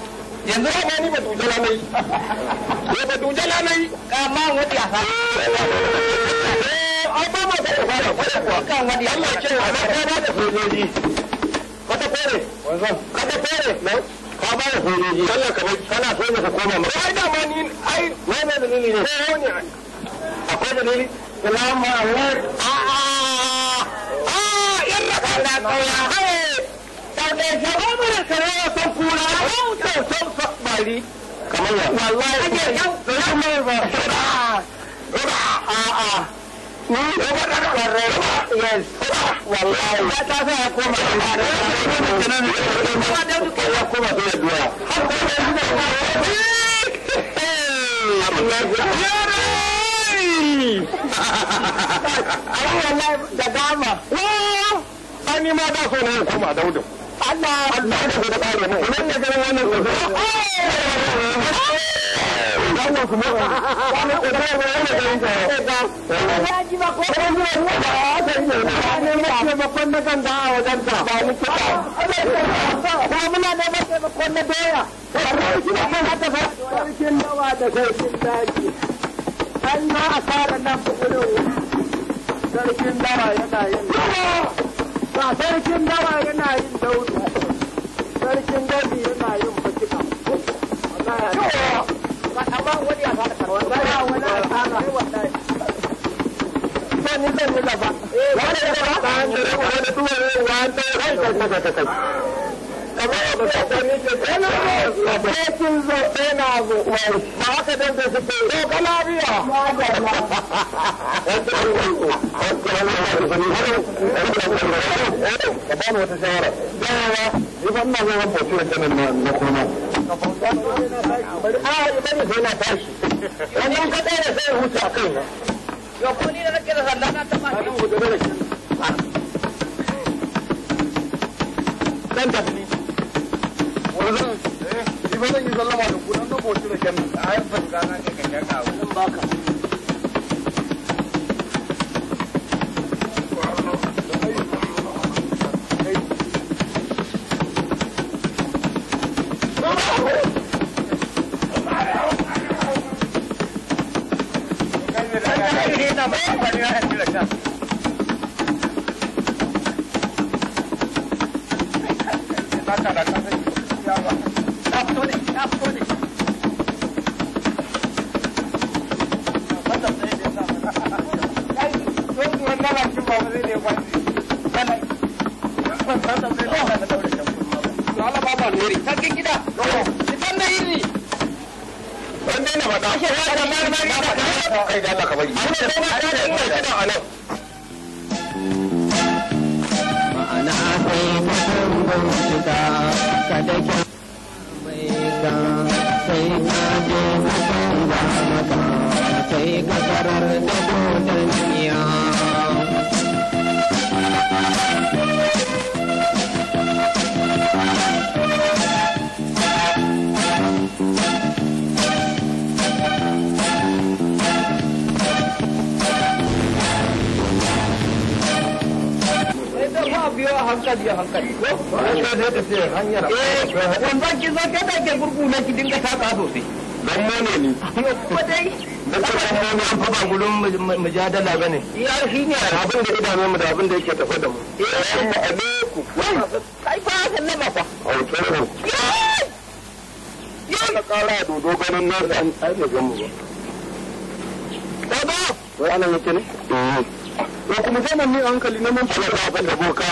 yanzu ya ba ni ba dujala ya ba dujala ya fara eh, ba ma ta fara kwaya kuwa wani ce wa na ba da kata kata ka ba da kana so ka koma ma ai da ma ni ai da ni ne eh, akwai da ni salamu alaikum a a a kamar ya wallahi ake yau kamar ba a'a ni ba da kare yes wallahi ba ta sa koma da da ya koma da da da da koma Allah ya da a wajen ta ba ni da ma asara nan sarkin dawa yana yin ga sarkin dawa yana yin daudu sarkin dabi yana yin bakina amma wani ya fara karwa wani ya fara zan yi zan yi gaba wani ya fara wani ya fara wani ya fara Preciso apenas uma faca dentro desse peito. Ô, Canaria! Tá bom, outra senhora? Não, e vamos fazer uma postura também na comando. Ah, eu bari sai na tashi. Wannan ka tsaya sai huce a eu na. Yau ko ni da nake da sallah na ta ma. Dan tafi. kullum ni ba zan yi sallama da ku dan ga boci da kyan nan ai ban gana ka ka ka zan baka Thank you. Gracias. ma'ana sai mutum ban shiga kada ki mai ka sai ka je mutum ba maka sai ka karar da dodon hankali a hankali ko eh wannan ki zo kada ke gurguna ki dinga taka sosai dan mone ne ko dai da kuma mu an faba gudun mujadala bane ya shi ne abin da idanun mu da abin da yake tafe da mu eh assalamu alaikum kai fa sallama fa alaikum ya kala dodo ganin na an aje gamu ba baba wai ana yake ne eh ko kuma zaman ne hankali na mun fara da boka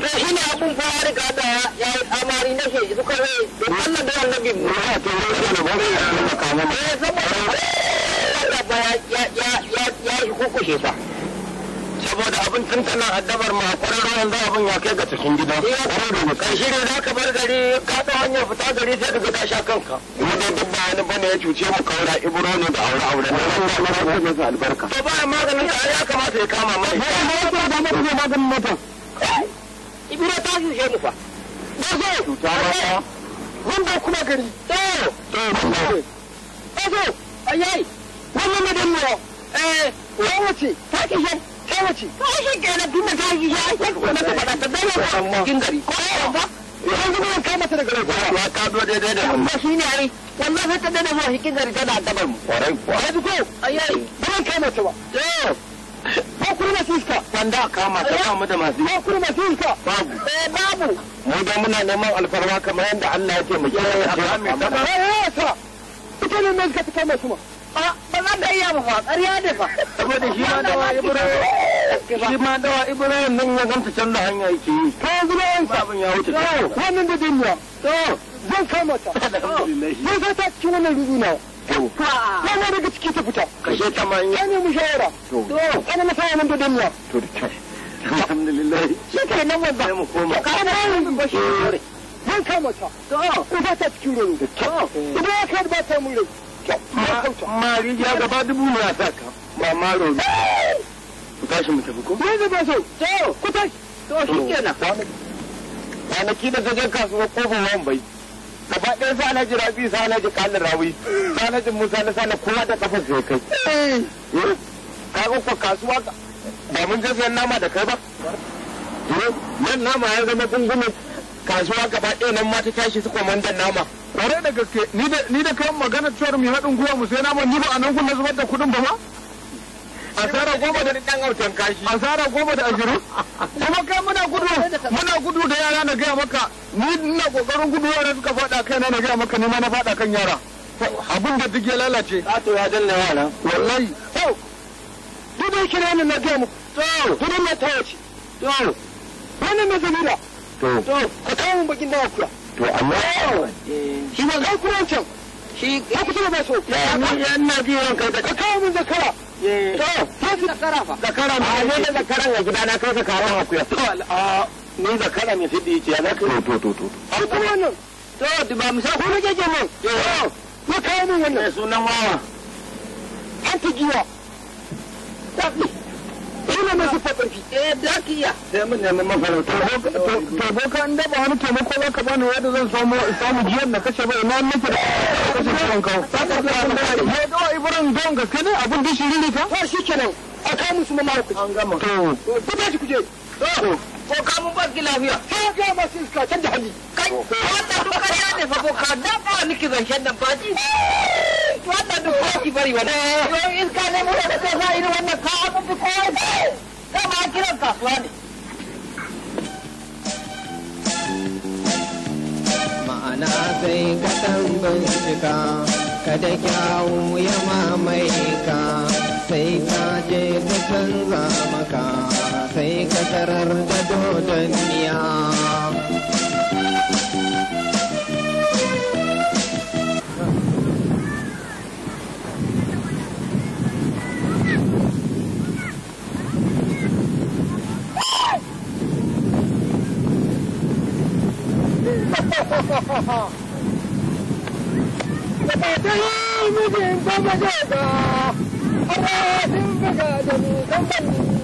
to shi ne abun ya riga da ya yi amari na ke su kare da Allah da annabi mu ya to ne eh, saboda eh, Allah ba ya ya ya ya yi kukushe saboda abin addabar ma kwararren yanzu abin ya kai ga cikin gida eh, karshe ne za ka bar gari ka ta hanyar fita gari sai ka ta sha kanka kuma da duk bayani bane ya cuce mu kaura ibro ne da aure aure ne Allah ya masa albarka to ba maganin ka ya kamata ya kama mai ba ba ba ibura ta yi ba kuma gari to to ayai wannan mu eh ta ki je ta shi ta yi ya ta kuma ta ta dai ba gari ko ba kai mata daga gari ya ka do da mu shi ne ai wallahi ta dai da mu gari ko ayai ban kai mata ba to Ba kurma iska. Wanda kama ta kama da masu. Ba kurma iska. Babu. Eh babu. Mu da muna neman alfarma kamar yadda Allah ya ce mu kiyaye Allah mai tsada. Eh ta Ita ne mai ka fita mai suma. A ba za ka iya ba fa ƙarya ne fa. Saboda shi ma dawa Ibrahim. Eh, shi ma dawa Ibrahim nan ya gamta canza hanya yake yi. Ka yanzu da yansa. Babin ya wuce. Wannan da dinya. To zan kama ta. Zan ta cikin wannan nawa. to yana daga ciki ta fita kashe ta manya. ya ne mushawara to ana na fara da dinna to da kai alhamdulillah shi ke nan wanda sai mu koma ka da yin bashi ban kama ta to ba ta cikin ruwan da ta ba ka ba ta mu ruwan ma rijiya gaba dubu ne a saka ma ma ruwan eh! ku tashi mu tafi ko ne ba so to ku tashi to shi kenan kwanaki da zagen kasuwar kofar wambai gaba ɗaya sa na ji rabi da kafa eh. eh. eh. ya zama gungumin kasuwa gaba ɗaya nan ma ta tashi da gaske ni da kan magana cewar mu haɗin guwa mu sai nama ni ba a nan kun zubar da kuɗin ba ma asara goma da dan autan kashi asara goma da ashirin kuma kai muna gudu muna gudu da yara na gaya maka ni ina kokarin gudu yara suka faɗa kai na gaya maka ni ma na faɗa kan yara abin da duk ya lalace kato ya danna yara wallahi to duk kira ni na gaya muku to duk na taya ce to wannan na zamira to to ka kawo bakin dawa kuya to amma shi ma ga kurancan shi ya kusa da baso ya ni yan na ji wanka da ka kawo min zakara eh. to ta ji zakara fa zakara ma ah, ne da zakaran a gida na kai zakara ma ku ya to a ah, ni zakara ne fidi ce ya za ka to to to an kuma wannan to ba mu sa ko ne jeje mun yo ko kawo min wannan sunan wawa an ta giwa ina masu fafafi eh da sai mun nemi mafarauta to ko kan da ba wani taimako za ka bani yadda zan samu samu jiyar na kashe ba ina nake da kashe kan kawo ya dawa ibrahim don ga kana abin da shi ne to shikenan aka musu mamaki an gama to ku ta ku je ko ka mun ba ki lafiya sai ga ba shi ka canja hali kai wannan duk kariya ne fa ko ka da ba miki zancen nan ba ji wannan duk ba ki bari wannan yo iska ne mu da ta irin wannan ka abu fi kowa ka ma kiran kasuwa ne ma'ana sai ka san bincika kada kyawu ya mamaye ka sai ka je ka canza كسر ارتدوا دنيا Thank you.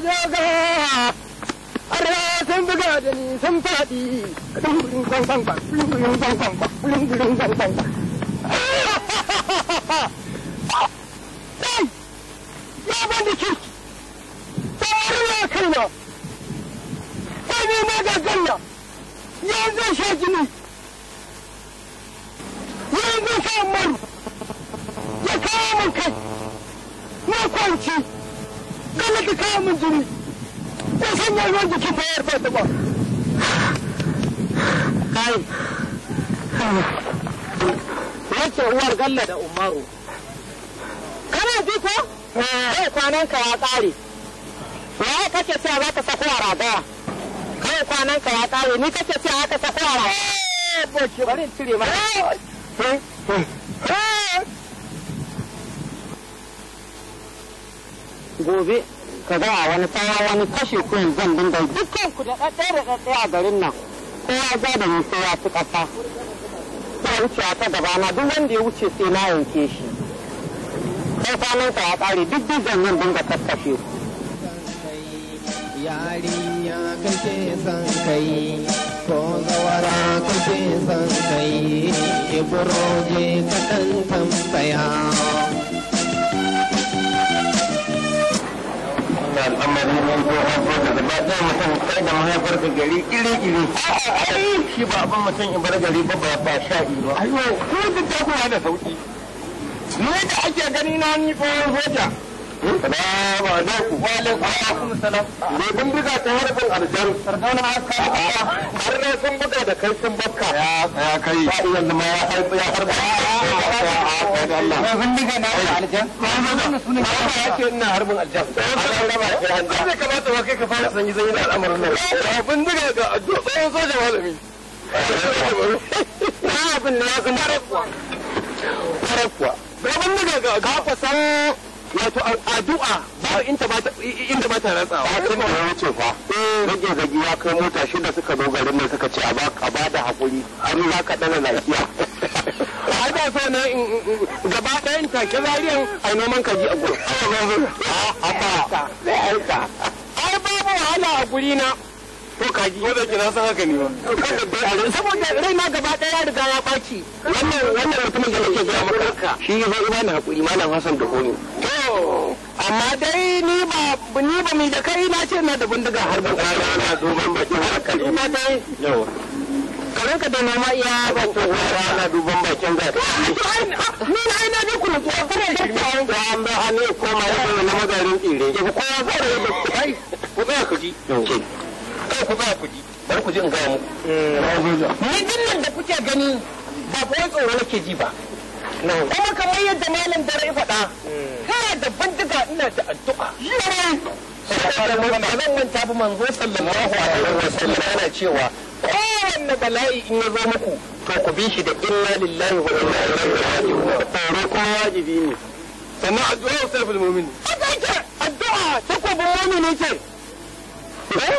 joga arna buga da sun faɗi Bello da Umaru. Kana ji ko? Kai kwanan ka ya tsare. Wai kake cewa za ka sako a ragaya? Kai kwanan ka ya tsare ni kake cewa za ka sako a ragaya. Eh, bari in cire maka. Eh! Eh, Gobe ka ga a wani tsawon wani kashe kuyin zan dinga dukkan ku da ɗaɗɗaya da ɗaɗɗaya a garin nan. Kowa za da nisa ya fi ƙasa. wucewa ta gabana duk wanda ya wuce sai na yanke shi sai kwanan ka ya tsare duk dukkan nan dinga kakkashe ku yarinya kake son kai ko zawara kake son kai ibroje ka kan tambaya al'amari ne da gaba ɗaya mutum tare da mahaifarsa gari iri iri shi ba abin mutum in bar gari ba ba sha ba ayo ko duk ta kuma da sauki ne da ake gani na ni ko hoja Salamu alaikum. Wa alaikum salam. Me kun buga ta harbin aljan. Har ne sun buga da kai sun bakka. Ya kai. Ba iyan da ya harbi ya harbi. Sun buga na aljan. Ba ya ce ina harbin aljan. Ba ya kamata wa kai ka fara sanyi zanyi da al'amarin nan. Bin buga ga tsohon malami. Na abin ya zama Ga buga ga wato addu'a babu inda ba ta inda ba ta ratsawa a cikin da wuce fa rage eh. zagi ya kai mota shida suka zo garin nan suka ce a ba a ba da hakuri an za ka dana lafiya har da so ne gaba ɗayan take zariyan a noman kaji a gurin a ba ba ba babu wahala a guri na ko kaji ko da kina san haka ne ba saboda rai ma gaba daya riga ya baci wannan wannan mutumin da nake gaya maka shi ya zo na da hakuri malam Hassan da Kono to amma dai ni ba ni ba da kai na ce na da bindiga har ba kana na duban baki haka ma dai yawa ka da nama iya ba to wara na duban bakin ga ni na ina da kuma to kuma da tawon ga an ba ne ko ma na magarin tsire ko da kai ku tsaya ku ji kawai ku za ku bari ku ji in gaya muku ni nan da kuke gani ba kawai tsoro nake ji ba kuma kamar yadda malam dare ya faɗa kana da bindiga ina da addu'a zan manta ba manzo sallallahu alaihi wasallam yana cewa kowanne bala'i in ya zo muku to ku bi shi da inna lillahi wa inna ilaihi raji'un tsoro ko wajibi ne sannan addu'a sai fil mu'min addu'a ta ko mu'mini ce eh?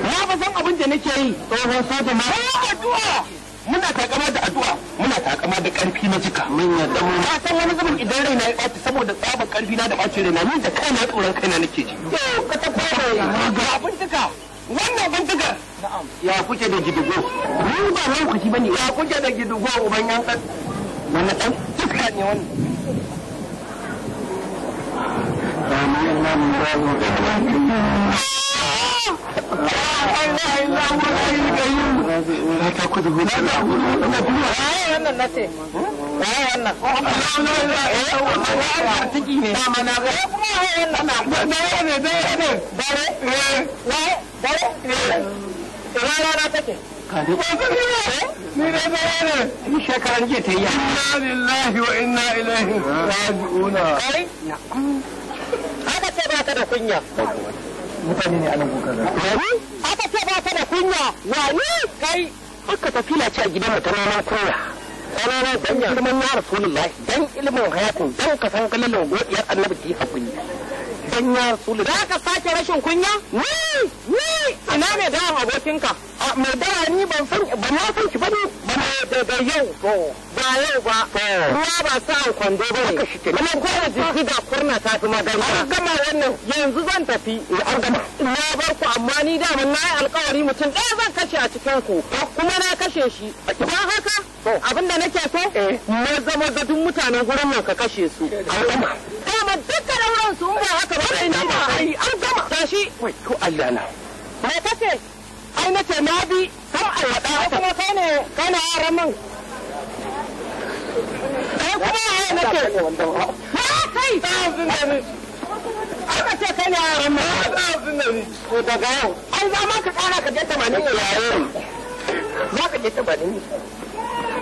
na ba san abin da nake yi tsohon sojan ma addu'a muna takama da addu'a muna takama da karfi na jika mun yadda mu na san wani zaman idan na ya ɓaci saboda tsabar karfi na da rai na ni da na tsoron na nake ji yau ka ta fara ga abin jika wannan ya kuke da gidugo ni ba nan kuci bane ya kuke da gidugo uban yan kan wannan dan ne wannan Amin. لا تأخذه na ce waye wannan na take haka ce ba da kunya mutane ne anan kuka ga wani aka ce ba ta da kunya wani kai haka tafila ce a gidan mu ta neman kunya sanana dan ilimin ya rasulullahi dan ilimin hayatin dan kasan kallon godiyar annabi ki hakuri dan ya za ka sake rashin kunya ni ni ina mai dawan abokinka a mai dawa ni ban san ba na san shi ni. ba da da yau ba yau ba ruwa ba sa kwando bane kuma gwada jirgi ga kurna ta fi magana an gama wannan yanzu zan tafi eh, an gama na bar ku amma ni da na yi alƙawari mutum ɗaya zan kashe a cikin ku kuma na kashe shi don haka abinda nake so eh. maza maza duk mutanen gurin nan ka kashe su an gama dukkan auren su ba haka Kwarai na ma ai an gama. Wai ko Allah na. Me kace? Ai na ce na bi kam alwada. Kuma kai ne yaran man. Kai kuma ai na ce. kai. Aka ce kai ne Ko daga yau. Ai za ka ka je 80 ne Za ka je 80.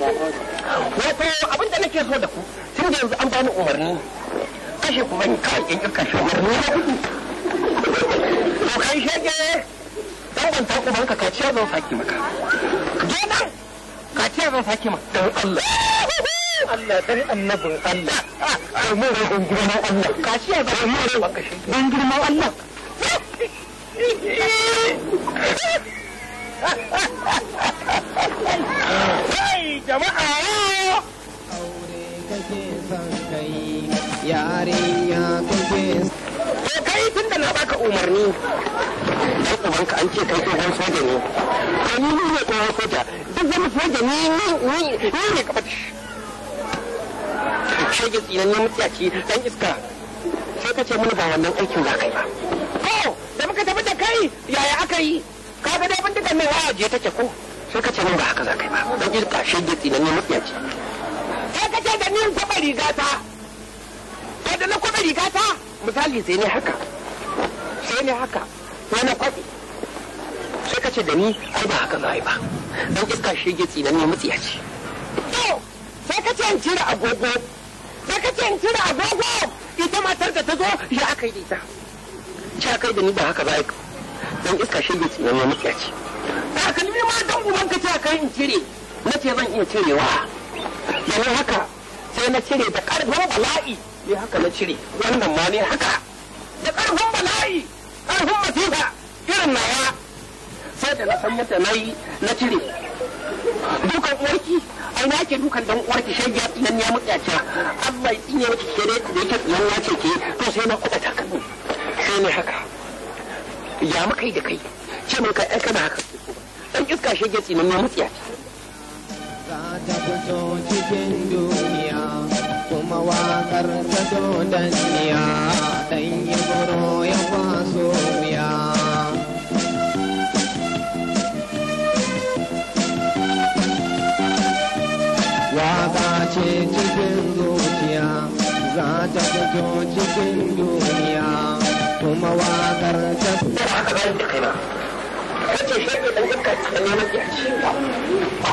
wato abin da nake so da ku tun da yanzu an bani umarni kashe kuma kawai in kirka shi umarni to kai shege dan ban ta kaciya zan saki maka je nan kaciya zan saki maka dan Allah Allah dare annabin Allah girman Allah kaciya zan saki maka girman Allah Kai jama'a ya! Aure kake son kai yarinya kake To eh, kai tun da na baka umarni dan ubanka an ce kai tsohon soja ne. Kai yi ne tsohon soja duk zama soja ni ni ni ne kafa shege tsinannen mutiyaci dan iska sai ka ce mana ba wannan aikin za ka yi ba. To da muka tafi da kai yaya aka yi? ka ga dai da mai waya je take ko sai ka ce nan ba haka za ka yi ba don iska shege mutiya ce. sai ka ce da ni kwaɓa riga ta kai da na kwaɓa riga ta misali sai ne haka sai ne haka sai na kwaɓe sai ka ce da ni ai ba haka za a yi ba don iska shege mutiya ce. to sai ka ce in cire agogo sai ka ce in cire agogo ita matar da ta zo ya aka yi ita ce aka yi da ni ba haka za a yi dan iska shege tsinan ya muke ci takalmi ma dan uban ka ce kai in cire na ce zan iya cirewa yanzu haka sai na cire da karfin bala'i ne haka na cire wannan ma ne haka da karfin bala'i karfin masifa irin nawa sai da na san yadda na yi na cire dukan uwarki ai na ke dukan dan uwarki shan ya tsinan ya mutsaca Allah ya tsinye miki kere da yake tsinan ya ce ke to sai na kwata takalmi sai ne haka ya maka da kai ce mun ai kana haka dan iska shege tsinan ya mutsiya ta fito cikin duniya kuma wakar ta zo danniya dan yi buro ya kwaso wuya waka ce cikin zuciya za ta fito cikin duniya kuma wakar ta fi. Aka bani da kaina. Kace shi ke dan iska ta neman a cikin ta.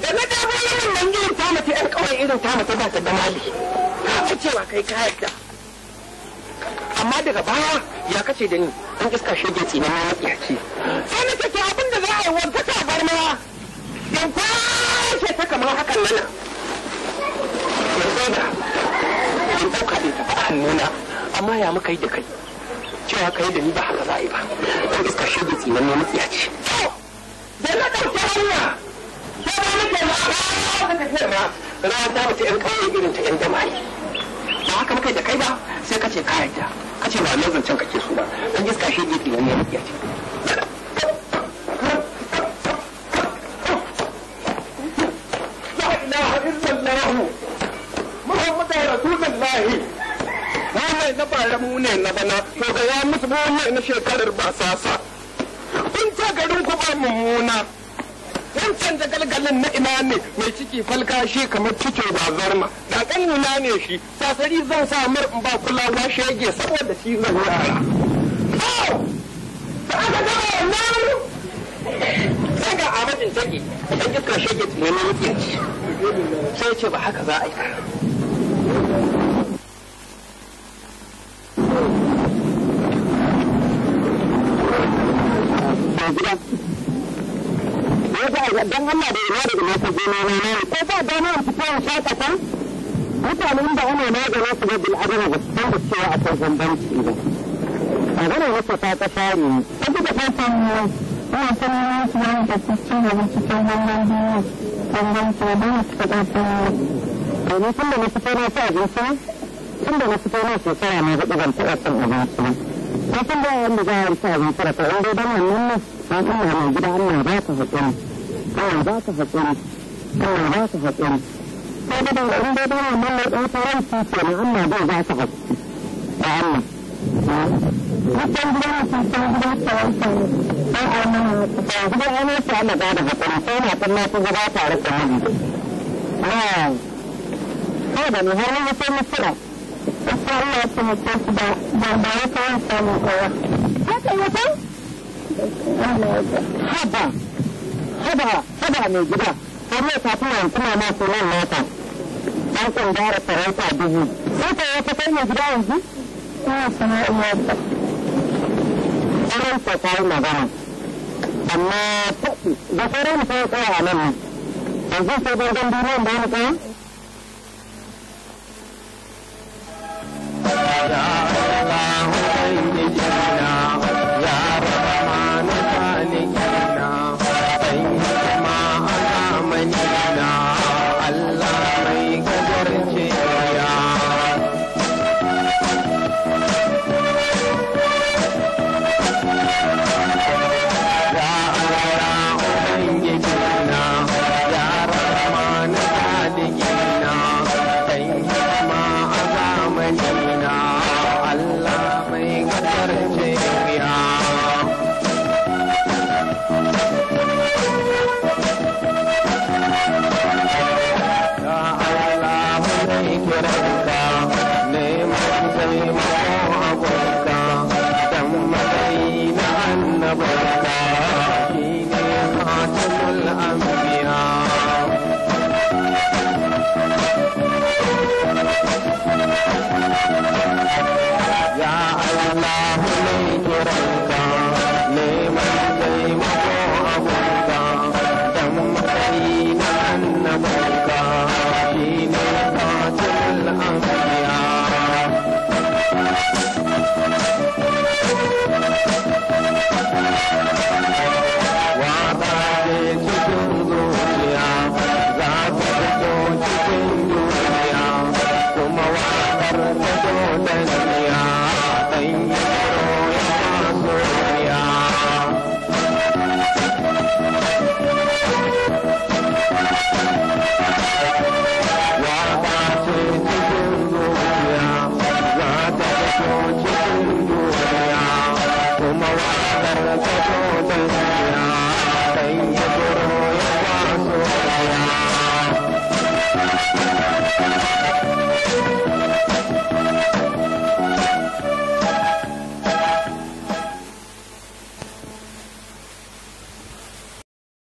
Da na ta bayan irin nan gidan ta mace ƴan kawai irin ta mace ba ta da mali. Ta cewa kai ka yarda. Amma daga baya ya kace da ni an iska shi shege tsina na maƙiyaci. Sai na ce to abin za a yi wata tabar ma. Yan kwashe ta kamar hakan nana. Yanzu da. Yan ɗauka ne ta faɗa nuna. amma ya muka yi da kai cewa kai da ni ba haka za'a yi ba kan iska shi da tsinan ne mutiya ce da na ɗauke hanya ya ba ni da ma'a rawar ta mace yan kawai irin ta yan jama'i ba haka muka yi da kai ba sai ka ce ka yarda ka ce ba nan zancen kake su ba kan iska shi da tsinan ne mutiya ce bara mu ne na bana ko ga ya musu mu ne na shekarar ba sasa kun ta garin ku ba mummuna wancan galgalin na ina ne mai ciki falkashi kamar cikin bazarma da kan nuna ne shi sasari zan sa mar in ba kulawa shege saboda shi zan yara da aka wannan take dan shege tunanin sai ce ba haka za a yi gida ya ga dan Allah da ina daga masu gona na ne ko ba dama in fito in shakata mutanen da ana magana su ga bil'adama ba su san da cewa akwai bambanci ba maganar wasa ta kasa ne ta duka fatan ina san yawan su yawan da su ci gaba cikin wannan duniya bambanci ba na su faɗa ta domin tun da na fito na ci abinci tun da na fito na shekara na zaɓi ban taɓa son da za a yi ta wanda ne ka sa wa gida Allah ba ka haƙuri Allah ba ka haƙuri Allah ba in dai ba mun mai dan faran shi ke nan Allah zai ba ka haƙuri ba Allah Hakan gida na sassan gida ta wancan ba a mana ta gida ya ba da haƙuri sai na kan nafi gida tare da miji. Ko da ni har na sai mutura. Wasu Allah ya ce mutum da ba ya kawo samun kowa. Haka yi haba haba haba mai gida har yau ta tuna yankuna ma sunan nata an kan gara farauta dubu sai ta ya fitar mai gida yanzu ta sana iya ta yi magana amma da sauran ta tsaya a nan ne yanzu sai gangan duniyan da wani tsaya